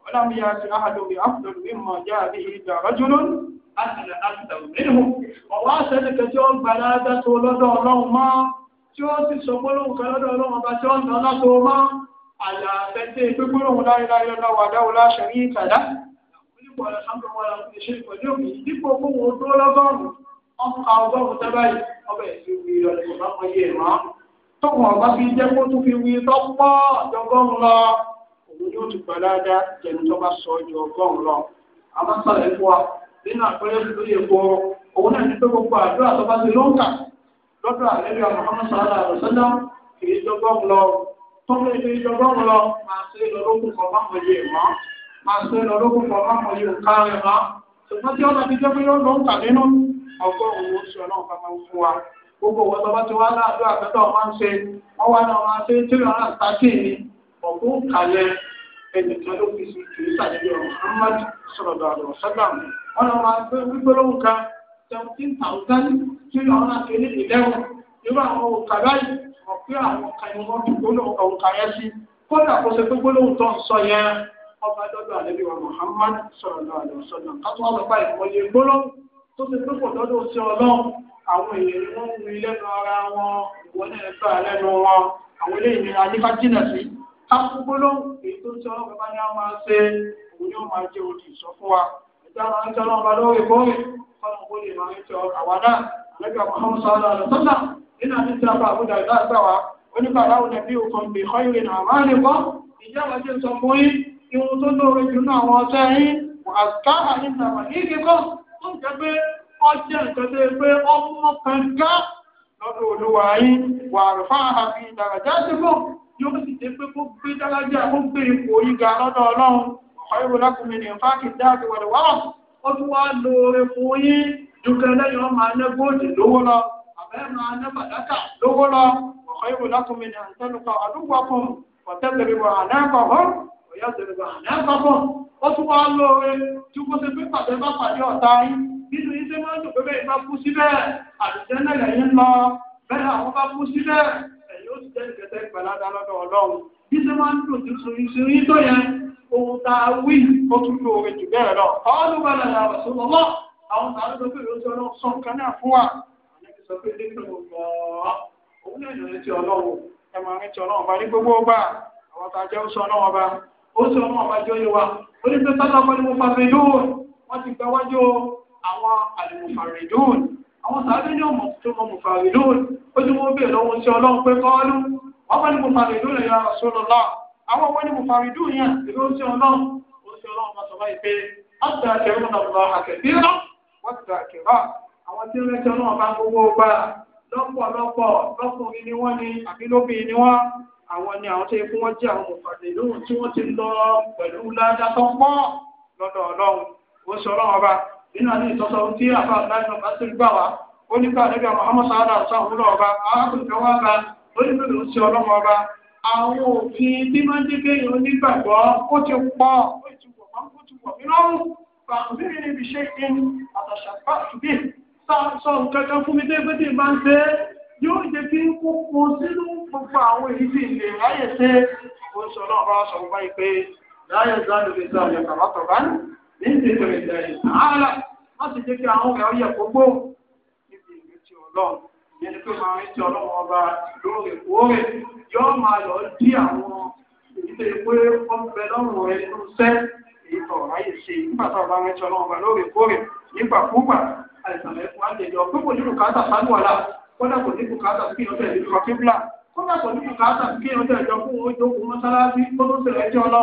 Speaker 1: ọlámiyà ti áhàdùn àtàlẹ àtàlẹ nínú ọwọ́ àṣẹlẹkẹ tí ó gbàdá dátó lọ́dọ̀ Ọlọ́run mọ́ tí ó sì sọ gbólóhùn kan lọ́dọ̀ Ọlọ́run ọba tí ó ń tàn látó mọ́ àyà àfẹsẹ gbégbólóhùn láyéláyé lọ́wọ́ àdáwò láṣẹ ní ìtàdá nípò ọlọsàmọ wọn làwọn ti ṣe pẹ̀lú òkè dípò fún wọn tó lọ́gọ́rùn ọkà ọgọ́rùn tẹbáyì ọbẹ ti wí ìrọ̀lẹ́ fi jẹ kó tún fi wí tọpọ ọgọ́rùn lọ òun yóò tún gbàdáadáa jẹnu tó bá sọ ju lọ àmọ́ sọ̀rọ̀ ẹ fún wa nínú àpẹẹrẹ tó yẹ kọ òun náà ní pé gbogbo àdúrà tó bá ti ló ń kà lọ́dọ̀ àlẹ́bí àmọ́hámọ́ sàlá àrùsọ́lá kì í dọ́gbọ́n lọ tọ́lá ìṣe ìdọ́gbọ́n lọ máa ṣe lọ́lọ́kùn kan máa mọ̀ yé mọ́ máa ṣe lọ́lọ́kùn kan máa mọ̀ yé òkà rẹ̀ mọ́ ṣùgbọ́n tí ọ̀nà ti jẹ́ pé yóò lọ ń kà nínú ọgọ́rùn-ún oṣù ọlọ́run kan máa ń fún wa gbogbo wọn tó bá ti wá láàdúrà pẹ́tọ́ máa ń ṣe wọ́n wá náà máa ṣe tí ẹnìkan ló fi sí kì í Muhammad sọ̀rọ̀dọ̀ àdọ̀ sọ́dàm wọn lọ máa gbé gbígbólóhùn kan seventeen thousand tí àwọn akéde eleven irú àwọn òkà báyìí wọ́n pé àwọn kan ni wọ́n fi gbólóhùn òkà yẹn sí kódà kó ṣe pé gbólóhùn tó ń sọ yẹn ọba dọ́dọ̀ àdébí wa Muhammad sọ̀rọ̀dọ̀ àdọ̀ sọ́dàm kátó wọn lọ pa ìmọ̀ye gbólóhùn tó ti pé kò dọ́dọ̀ sí ọlọ́run àwọn èèyàn ni wọ́n ń wí lẹ́nu ara wọn ìwọ náà gbà lẹ́nu wọn àwọn eléyìí ni adífájínà sí káwọn gbólóhùn èyí tó ń sọ ọlọ́run bá ní a máa ṣe òun yóò máa jẹ òdì sọ fún wa ẹjọ́ máa ń tẹ ọlọ́run bá lórí kórè kọ́nà kó lè máa ń tẹ àwa náà àlejò àmọ́ sọ́ọ́lá àlọ́sọ́lá nínú àti tí a bá àbúdá ìdá àgbà wa onípa aláwọ̀ nàbí yóò sì jẹ́ pé kó gbé dálájà kó gbé ipò ìga lọ́dọ̀ ọlọ́run ọ̀rẹ́rò lákùnrin ní fáàkì dáàbò wọ̀lẹ̀ wọ́n ó tún wá lo ẹ̀fọ́ yín dùkẹ́ lẹ́yìn ọmọ alẹ́ góòlì lówó lọ àbẹ́ẹ̀mọ alẹ́ bàdákà lówó lọ ọ̀rẹ́rò lákùnrin ní àtẹnukọ àdúgbò kan ọ̀tẹ́bẹ̀rẹ̀ wà àdáàkọ̀ọ́ ọ̀yọ́bẹ̀rẹ̀ wà àdáàkọ̀ọ́ ó tún wá lo ẹ yóò ti jẹ́ ìkẹtẹ́ ìpẹ̀ládá lọ́dọ̀ ọlọ́run bí ṣe máa ń dùn sí sùúrù tó yẹn ohun tá a wí ó tún lò rẹ̀ jù bẹ́ẹ̀ lọ. àwọn ló bá lọ la wà sọ́wọ́ mọ́ àwọn tá a lọ́dọ̀ pé lóṣù ọlọ́run sọ nǹkan náà fún wa. àlejò sọ pé lẹ́yìn ọ̀gbọ̀n òun náà yọ̀rẹ́ ti ọlọ́run ẹ máa rántí ọlọ́run bá ní gbogbo ọgbà àwọn tá a jẹ́ oṣù ọlọ́run ọba oṣù ọlọ́run ọba jọ yẹ wa ó ní pé sátọ́ àwọn sàbẹ̀ ní ọmọ tó mọ mùfàrí lóòrè ó ti wọ́n bèèrè lọ́wọ́ sí ọlọ́run pé kọ́ọ́lù wọ́n bá ní mùfàrí lóòrè ya Rasulullah àwọn wọ́n ní mùfàrí dùn yẹn ìlú ó sí ọlọ́run ó sí ọlọ́run bá sọ báyìí pé ọ̀sẹ̀ akẹ́rù náà lọ àkẹ́bí rán wọ́n ti dà kẹ́rà àwọn tí ń rẹ́tẹ́ náà bá gbogbo gbà lọ́pọ̀lọpọ̀ lọ́kùnrin ni wọ́n ní àbí lóbìnrin ni àwọn tó yẹ wọ́n jẹ́ àwọn mùfàrí lóòrè tí wọ́n ti lọ pẹ̀lú ládàá tó pọ̀ lọ́dọ̀ ọlọ́run ó sọ ọba nínú àti ìtọ́sọ tí àfa àtàlẹ́ náà bá tó gbà wá ó nípa àdébíà Muhammad sáádà sáà òwúrọ̀ ọba arákùnrin kan wá ba ó ní bèbè ń ṣe ọlọ́mọ ọba àwọn òfin bí máa ń jẹ́ kéèyàn onígbàgbọ́ ó ti pọ̀ ó ti wọ̀ máa ń kó ti wọ̀ mí lọ́rùn fàmílì níbi iṣẹ́ ìdí àtàṣàpá ìbí sọ nǹkan fún mi dé pé tí n bá ń ṣe yóò jẹ́ kí n kó kó sínú gbogbo àwọn èyí tí ilé ráyè ṣe ó ń sọ náà bá sọ̀rọ̀ níbi ìbẹ̀rẹ̀ ìbẹ̀rẹ̀ ààrẹ láti jẹ́ kí àwọn ọ̀rẹ́ ọ̀yẹ̀ gbogbo níbi ìrètí ọlọ́run yẹni pé máa ń tí ọlọ́run ọba lóòrèkóòrè yóò máa lọ dí àwọn ìdílé pé ọ̀bẹ lọ́rùn rẹ nínú sẹ́ èyí tó ráyè ṣe nígbà tó ọba rántí ọlọ́run ọba lóòrèkóòrè nígbà fúgbà àìsàn ẹ̀kún àjẹjọ pé kò ní bùkátà sálúwàlà kódà kò ní bùkátà sí ìyọ̀tẹ̀ ìlú kọ́kíbla ìjọ fún ojókòó mọ́sálásí kó tó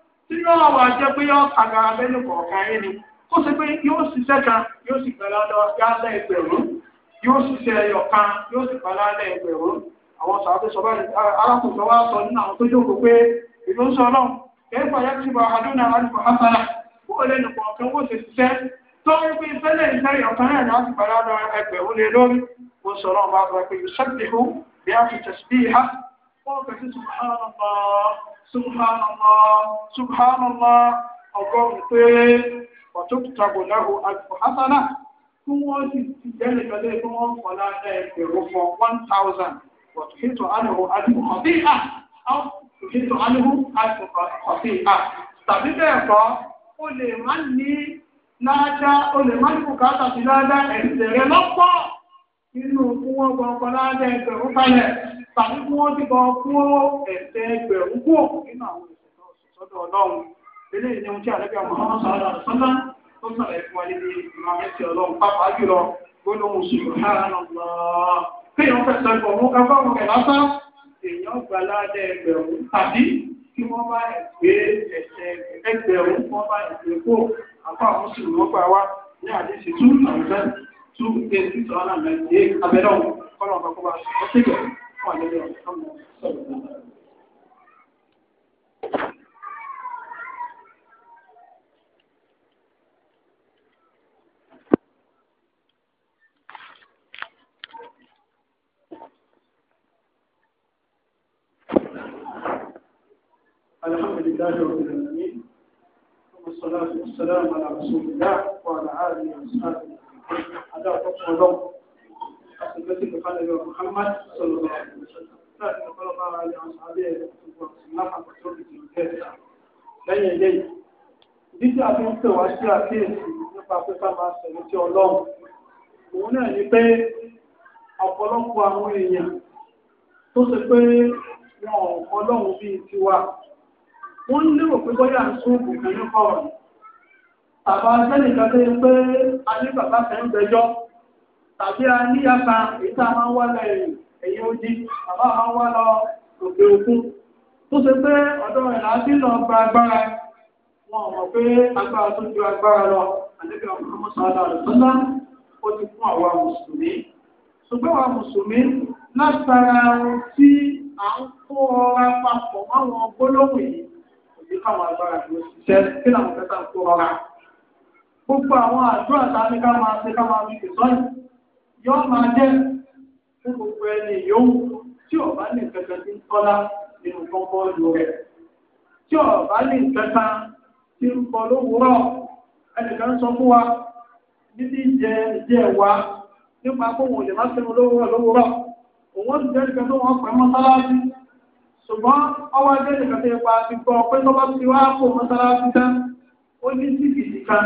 Speaker 1: tí yóò wà jẹ́ pé yóò kàgàrà lẹ́nu kọ̀ọ̀kan yín ni kó ṣe pé yóò ṣiṣẹ́ kan yóò sì gbà lálẹ́ ẹgbẹ̀rún yóò ṣiṣẹ́ ẹyọ kan yóò sì gbà lálẹ́ ẹgbẹ̀rún àwọn sàbẹ̀ sọ bá arákùnrin wa sọ nínú àwọn tó jókòó pé ìlú ń sọ náà kẹfà yá ti bá àdúnà àlùkò hasana kó o lẹ́nu kọ̀ọ̀kan wọ́n ṣe ṣiṣẹ́ tó ń pín fẹ́lẹ̀ iṣẹ́ ìyọ̀kan náà láti gbà lálẹ́ ẹgbẹ̀rún lé lórí ó sọ náà bá sọ pé yóò ṣàbẹ̀wò wọ́n bẹ̀ sí subhanallah subhanallah subhanallah ọgọ́rùn-ún pé ọ̀tọ́kùtàbò lẹ́hu àgbò hasana tí wọ́n sì ti jẹ́lẹ̀ jọ lé fún wọn kọ́lá ẹgbẹ̀rún fún one thousand ọ̀tọ́kùtà àlùhù àdìbò kọ̀bí à ọ̀tọ́kùtà àlùhù àdìbò kọ̀bí à tàbí bẹ́ẹ̀ kọ́ ó lè má ní láájá ó lè má ní bùkátà sí láájá ẹ̀sẹ̀ lọ́pọ̀ nínú kí wọ́n gbọ́ ọkọ láàbẹ̀ ẹgbẹ̀rún kalẹ̀ tàbí kí wọ́n ti gbọ́ kú ẹ̀sẹ̀ ẹgbẹ̀rún kú nínú àwọn ìṣẹ̀lẹ̀ sọ́dọ̀ ọlọ́run eléyìí ni ohun tí àlẹ́ bí ọmọ ọmọ sọ̀rọ̀ àdàsọ́lá tó sọ̀rọ̀ fún wa níbi ìmọ̀ ẹ̀sẹ̀ ọlọ́run pápá jùlọ gbólóhùn subhanallah kéèyàn fẹ́ sọ ìfọ̀mù káfọ́ ọmọ kẹ̀ lásán èèyàn gbà láàbẹ̀ ẹgbẹ̀rún tàbí kí wọ́n bá gbé ẹ̀sẹ̀ kí wọ́n bá ẹ̀sẹ̀ kú two eight two thousand and ninety eight abẹ́rẹ́ ọ̀hún kọ́nà ọ̀gá kó bá ṣe ọ́ síbẹ̀ fún àlejò ọ̀hún sọ̀rọ̀ náà. الحمد لله رب العالمين والصلاة والسلام على رسول الله وعلى آله وصحبه àdúrà fọ́fún ọlọ́run láti lọ́sí ìpàdé lọ Muhammad sọ̀rọ̀ láti lọ́kọ́lọ́ bá ara yàn sábẹ́ ìgbọ̀n lápapọ̀ tó fi jù kẹta lẹ́yìn eléyìí títí a fi ń pè wá sí àkíyèsí nípa pípa máa sọ̀rọ̀ tí ọlọ́run òun náà ni pé ọ̀pọ̀lọpọ̀ àwọn èèyàn tó ṣe pé wọn ọ̀pọ̀lọ́run bíi tiwa wọ́n lérò pé bóyá ń sún òkùnkùn nípa ọ̀rọ̀ tàbá sẹ́nìkan tó yẹ pé a ní bàbá fẹ́ ń gbẹjọ́ tàbí a ní yàtà ìta máa ń wá lọ ẹ̀yìn ẹ̀yìn ojì bàbá máa ń wá lọ òkè òkun tó ṣe pé ọ̀dọ́ rẹ̀ láti lọ gba agbára wọn mọ̀ pé agbára tó ju agbára lọ àlejò àwọn ọmọ sọ̀rọ̀ àlùfọ́lá ó ti fún àwa mùsùlùmí ṣùgbọ́n àwa mùsùlùmí látara tí à ń kó ọra papọ̀ máwọn gbólóhùn yìí òbí káwọn agbára ló ṣiṣẹ́ kí làwọn fẹ́ gbogbo àwọn àdúrà tá a ní ká máa ṣe ká máa fi sọ́yìn yóò máa jẹ́ fún gbogbo ẹni yòówù tí ọba ní kẹkẹ tí ń tọ́lá nínú kọ́kọ́ọ̀lù rẹ̀ tí ọba ní kẹta tí ń bọ̀ lówùúrọ̀ ẹnìkan sọ fún wa níbi ìjẹ ìjẹ wa nípa kóhùn òjò má sẹ́nu lówùúrọ̀ lówùúrọ̀ òun ti jẹ́ nìkan tó wọ́n pẹ́ mọ́sálásí ṣùgbọ́n ọwọ́ ẹgbẹ́ nìkan tó yẹ pa ti gbọ́ pé tó bá ti wá kó mọ́sálásí tán ó ní síbìtì kan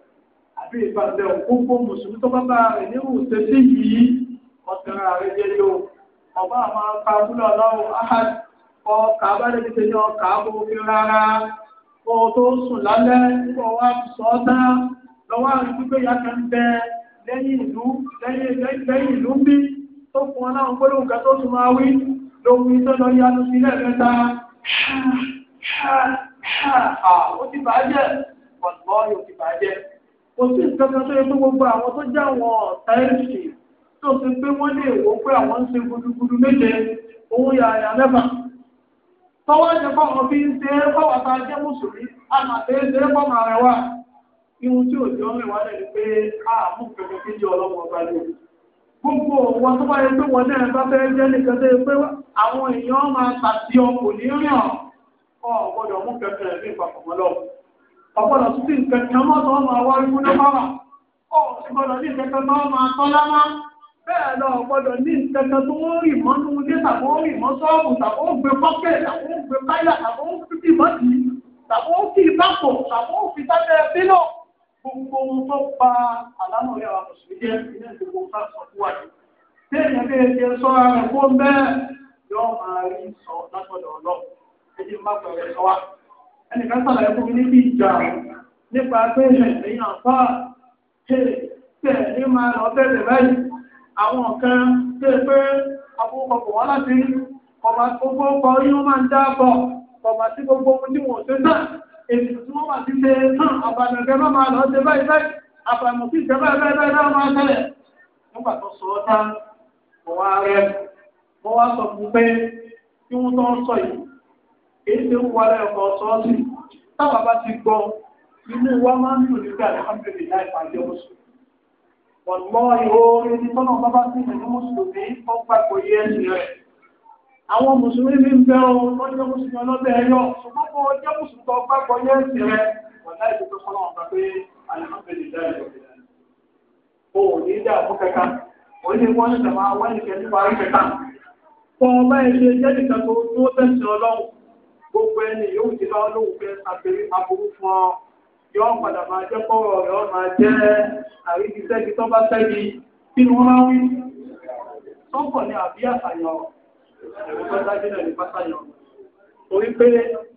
Speaker 1: àbí ìbàdàn gbogbo mùsùlùmí tó bá bá rẹ̀ ní òṣè sí yìí ọ̀sẹ̀rẹ̀ rẹ̀ jẹ́ ọba àwọn akabúlọ̀ lọ́wọ́ ahad kọ kàbá lè fi tẹ̀lé ọkà bó fi rárá kó o tó sùn lálẹ́ kó o wá sọ ọ́ tán lọ́wọ́ àrùn gbígbé ya kan bẹ lẹ́yìn ìlú lẹ́yìn ìlú ń bí tó fún ọ láwọn gbólóhùn kan tó tún máa wí lóhun tó lọ yanu sí lẹ́ẹ̀mẹ́ta ó ti bàá jẹ́ yóò ti bàá kò sí tó yẹ pé gbogbo àwọn tó já wọn ọ̀tá ẹ̀sìn tó ti pé wọ́n lè wò pé àwọn ń ṣe gudugudu méje òun yàrá mẹ́fà tọ́wọ́ ṣe fọ́ọ̀mù fi ń ṣe é fọ́wọ́ ta jẹ́ mùsùlùmí àmàṣe ṣe é fọ́ọ̀mù ààrẹ wa ihun tí òjò ń rìn wá lẹ́nu pé àmú kẹ̀kẹ́ kéjì ọlọ́mọ ọba lè gbogbo wọn tó bá yẹ pé wọn náà bá fẹ́ jẹ́ nìkan tó yẹ pé àwọn èèyàn máa tàbí ọkùnrin rìn ọ̀ ọ̀ mú kẹ̀kẹ́ rẹ̀ ọ̀pọ̀lọ̀ tún sí nǹkan kan mọ́ tó máa wá ikú náà wà ó sì gbọ́dọ̀ ní nǹkan kan máa máa tán lámá bẹ́ẹ̀ lọ gbọ́dọ̀ ní nǹkan kan tó wọ́n rì mọ́ nínú ilé tàbí ó rì mọ́ sọ́ọ̀bù tàbí ó gbé pọ́kẹ̀ tàbí ó gbé páyà tàbí ó fi bì mọ́tì tàbí ó fi ìbápò tàbí ó fi sábẹ́ bílò gbogbo ohun tó pa àlámọ̀ yàrá mùsùlùmí ẹnìkan àwọn kan tẹ̀ pé àbúkọ̀kọ̀ ọkọ̀ wọ́n máa ń dáàbọ̀ tí gbogbo ohun tí wọ́n ṣe náà èyí tí wọ́n máa ti ṣe hàn àbànàgẹ́ bá máa lọ ṣe báyìí báyìí àbàmù sí ìjọba báyìí báyìí náà èyí ti ń wọlé ọkọ̀ ṣọ́ọ̀ṣì táwa bá ti gbọ́ inú wa máa ń lò nígbà alhamdulilayi láì pàdé ọ̀ṣù. ọ̀nà ìhó ẹni tọ́nà bábá sí ìlú mùsùlùmí ó gbàgbọ́ yé ẹ̀sìn rẹ̀. àwọn mùsùlùmí ń bẹ ohun mùsùlùmí ọlọ́bẹ̀ ẹ̀yọ ṣùgbọ́n kó mùsùlùmí tó gbàgbọ́ yé ẹ̀sìn rẹ̀ gbogbo ẹni yóò ti bá olóhùn fẹ́ àtẹ̀rí aburú fún ọ yọ padà máa jẹ́ pọ́wọ́ rẹ̀ ọ máa jẹ́ àrídìsẹ́gi tó bá sẹ́gi kí ni wọ́n máa wí sọ́kọ̀ ni àbí àṣàyàn ìwọ́n dájú náà ní pátàyàn torí pé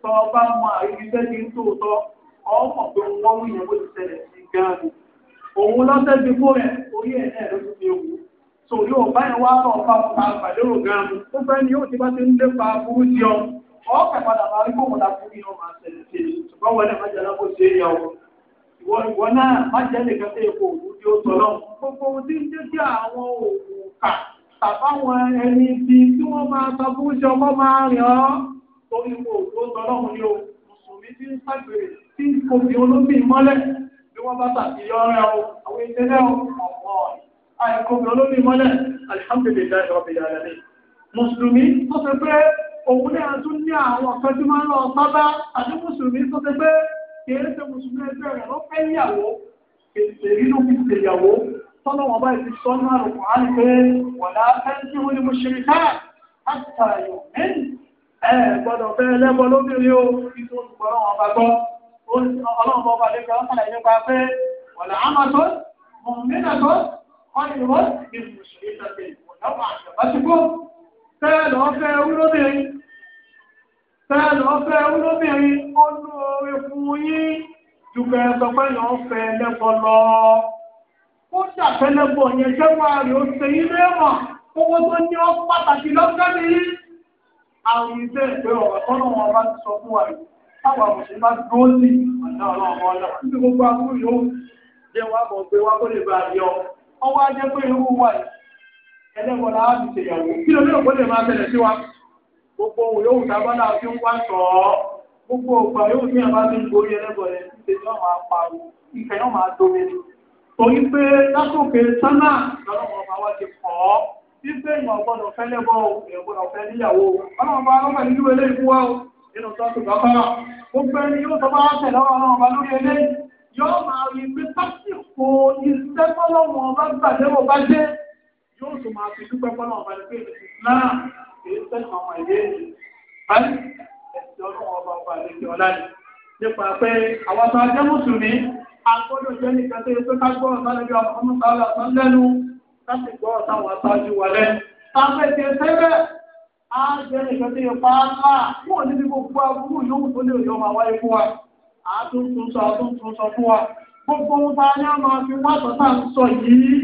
Speaker 1: tọ́ bá mọ àrídìsẹ́gi tòótọ́ ọmọ pé wọ́n wí yẹn bó ti ṣẹlẹ̀ sí gan-an òun lọ́sẹ̀ ti kó rẹ̀ orí ẹ̀ náà ló ti wù sòrí ò báyìí wá lọ́ọ̀ fà pàdé ògán ó fẹ́ ni yóò ti bá ti ń lépa burú jẹun ọ̀ọ́kẹ́ padà máa rí kókò láti ní ọmọ àtẹ̀lẹ̀ sí i ṣùgbọ́n wọn lè má jẹ́ lápò sí ẹ̀yà o ìwọ ìwọ náà má jẹ́ nìkan tó yẹ kó òkú tí ó tọ̀ náà gbogbo ohun tí ń jẹ́ kí àwọn òògùn kà tàbáwọn ẹni tí tí wọ́n máa sọ fún iṣẹ́ ọkọ máa rìn ọ́ torí wọn òkú ó tọ̀ náà ní o mùsùlùmí tí ń ṣàgbèrè tí obì olóbì mọ́lẹ̀ bí wọ́n bá tàbí yọrẹ o àwọn ìṣẹ̀lẹ̀ ọ̀pọ̀ àìkọ́bì olóbì mọ́lẹ̀ alihamdulilayi ọ̀bì yàrá ni mùsùlùmí tó òun náà tún ní àwọn kan tí máa ń lọ pápá àti mùsùlùmí tó ti pé kìí ṣe mùsùlùmí ẹgbẹ́ rẹ̀ ló fẹ́ yàwó èyí ló fi ṣèyàwó tọ́lá wọn báyìí ti sọ ní àrùn kan ní pé wọ̀lá ẹni wọn ni mo ṣe rí káà àtàyò mẹ́rin ẹ gbọ́dọ̀ fẹ́ lẹ́gbọ́ lóbìnrin o kí tó ń gbọ́ ọlọ́run ọba gbọ́ ọlọ́run ọba lè gbọ́ ọ̀sán ẹ̀yẹ́ pa pé wọ̀lá àmàtó mọ̀mínàtó ọ̀nìyàn ìmùsùlùmí tàbí ìwọ̀lá fẹ́ẹ̀lọ́ fẹ́ wúlóbìnrin fẹ́ẹ̀lọ́ fẹ́ wúlóbìnrin ó lú oore fún yín jùgbẹ́ ẹ̀sọ̀pẹ́yàn fẹ́ lẹ́bọ̀ lọ. ó ṣàfẹ́lẹ́bọ̀ yẹn jẹ́wọ́ rẹ̀ ó ṣe ilé ẹ̀wọ̀n owó tó ní ọ́ pàtàkì lọ́gbẹ́ni yìí. àwọn iṣẹ́ ìpè ọ̀rọ̀ tọ́nà wọn bá ti sọ fún wa rẹ̀ táwa bá dúró sí ẹlẹ́wọ̀n la wá ti ṣèyàwó kí ló lérò kó lè máa tẹ̀lé sí wa gbogbo òwò yóò ta bọ́lá fi ń wá sọ ọ́ gbogbo ògbà yóò ní àbá tó ń gorí ẹlẹ́bọ̀ rẹ̀ ṣe yóò máa pariwo ìfẹ́ yóò máa tóbi ni torí pé látòkè sánà lọ́lọ́mọ ọba wa ti kọ́ ọ́ wípé ìwọ̀n gbọ́dọ̀ fẹ́ lẹ́bọ̀ ìrẹ̀gbọ́dọ̀ fẹ́ níyàwó ọlọ́mọba ọlọ́mọ ìlú eléyìí wá o nínú sọ́ọ̀tù bàbára gbogbo ẹni yóò tọ́ bá tẹ̀lé ọlọ́mọba lórí eléyìí yóò máa rí pé pásítọ̀ iṣẹ́ tọ́lọ́mọ ọba gbàdéwò bá jẹ́ tó sì máa fi dúpẹ́ fọ́nà ọba ní pé náà èyí sẹ́yìn ọmọ ìdí èyí báyìí ẹ̀sìn ọlọ́run ọba ọba àlejò ọ̀la ni nípa pé àwọn ọba ajẹ́ mùsùlùmí agbọ́dọ̀ jẹ́ nìkan tó yẹ pé ká gbọ́ ọ̀sán lẹ́jọ́ ọmọ sáwọ́lá ọ̀sán lẹ́nu láti gbọ́ ọ̀sán wọn aṣáájú wa lẹ́nu. táwọn ẹ̀sìn ẹ̀sẹ̀ bẹ́ẹ̀ á jẹ́ nìkan tó yẹ pàápà wọn ò ní bí gbogbo aburú yòówù sọ àátúntún sọ fún wa gbogbo ohun tá a ní a máa wá sọ ń sọ yìí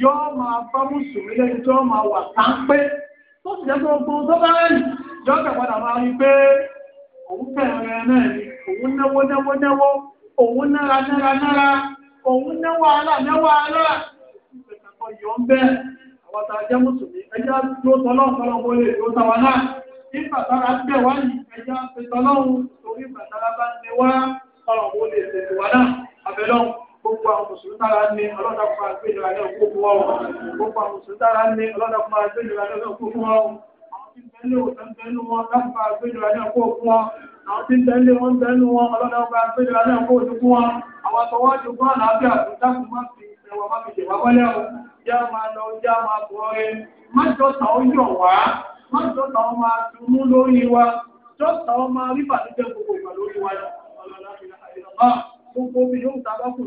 Speaker 1: yóò máa bá mùsùlùmí lẹ́ni tí wọ́n máa wà sáńpé tó sì jẹ́ pé ogun tó bá rẹ̀ yìí yóò máa rí pé òun fẹ̀rẹ̀ náà ni òun náwó náwó náwó òun nára nára nára òun náwó ara náwó ara ìfẹ̀sẹ̀kọ̀ yọ̀ ń bẹ́ẹ̀ àwọn tá a jẹ́ mùsùlùmí ẹjẹ́ tó tọ́lọ́ tọ́lọ́wọ́ lè tó tàwa náà nígbà tára bẹ̀ wá yìí ẹjẹ́ àti tọ́lọ́hún torí bàtàrà gbogbo àwọn mùsùlùmí tára ní ọlọ́dà fún àgbẹ̀ ìlú alẹ́ òkú fún wọn gbogbo àwọn mùsùlùmí tára ní ọlọ́dà fún àgbẹ̀ ìlú alẹ́ òkú fún wọn àwọn tí ń tẹ́lẹ̀ òun tẹ́lẹ̀ wọn láfún àgbẹ̀ ìlú alẹ́ òkú fún wọn àwọn tí ń tẹ́lé wọn tẹ́lú wọn ọlọ́dọ̀ọ́gbà pẹ̀lú aláàkó òjòkú wọn àwọn àtọwọ́jù fún àlàáfíà tó dákùn má fi ẹwà má fi jẹ̀wà wọlé já máa lọ já máa bọ̀ rẹ má jọta ó wá má jọta ó máa lórí wa jọta ó rí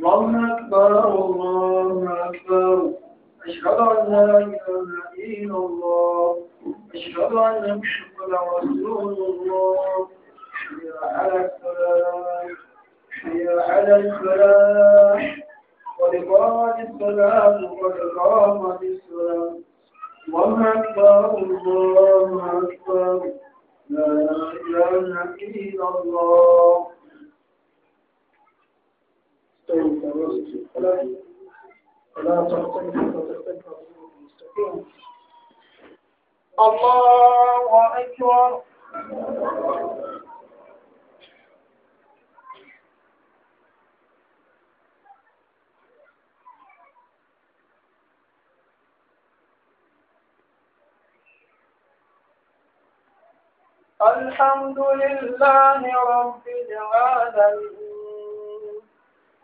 Speaker 1: الله أكبر الله أكبر أشهد أن لا إله إلا الله أشهد أن محمدا رسول الله حي على الفلاح حي على الفلاح قد الصلاة قد قامت الصلاة الله أكبر الله أكبر لا إله إلا الله الله أكبر الحمد لله رب العالمين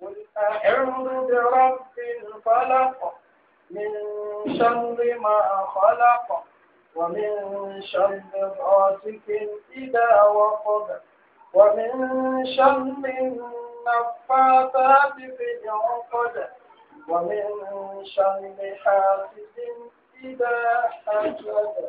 Speaker 1: قل أعوذ برب الفلق من شر ما خلق ومن شر غاسق إذا وقب ومن شر النفاثات في العقد ومن شر حاسد إذا حسد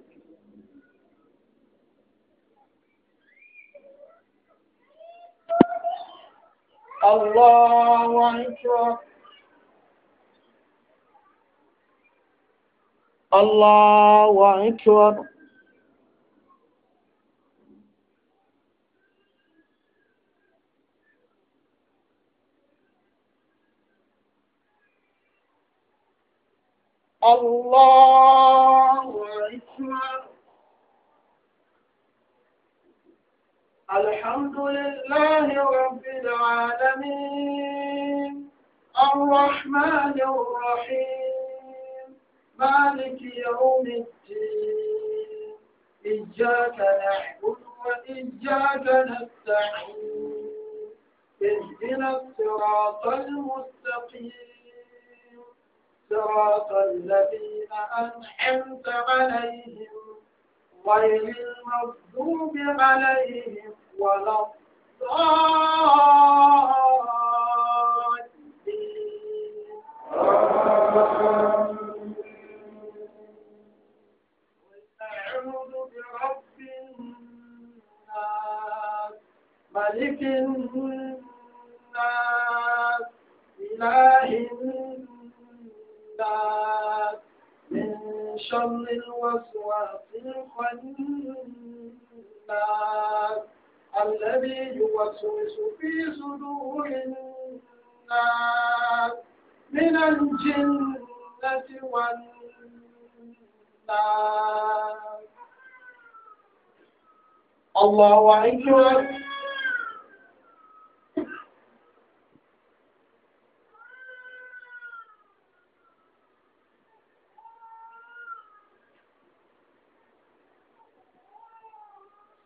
Speaker 1: Allah one truck. Allah one truck. الحمد لله رب العالمين الرحمن الرحيم مالك يوم الدين إجاك نعبد وإجاك نستعين اهدنا الصراط المستقيم صراط الذين أنعمت عليهم غير المغضوب عليهم ولا الضالين ملك الناس إله الناس من شر الوسواس الخناس الذي يوسوس في صدور الناس من الجنة والناس الله أكبر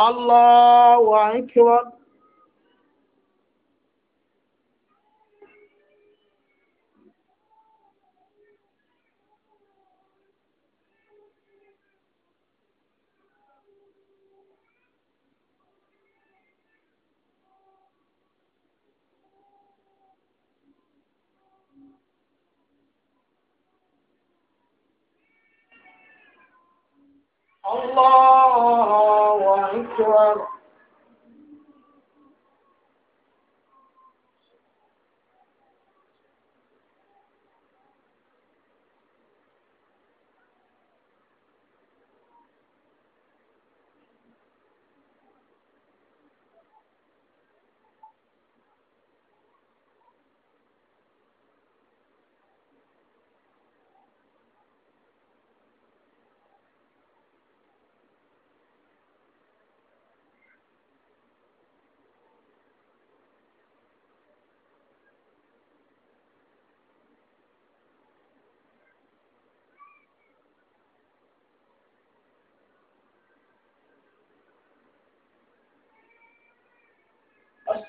Speaker 1: Allahu akbar. الله أكبر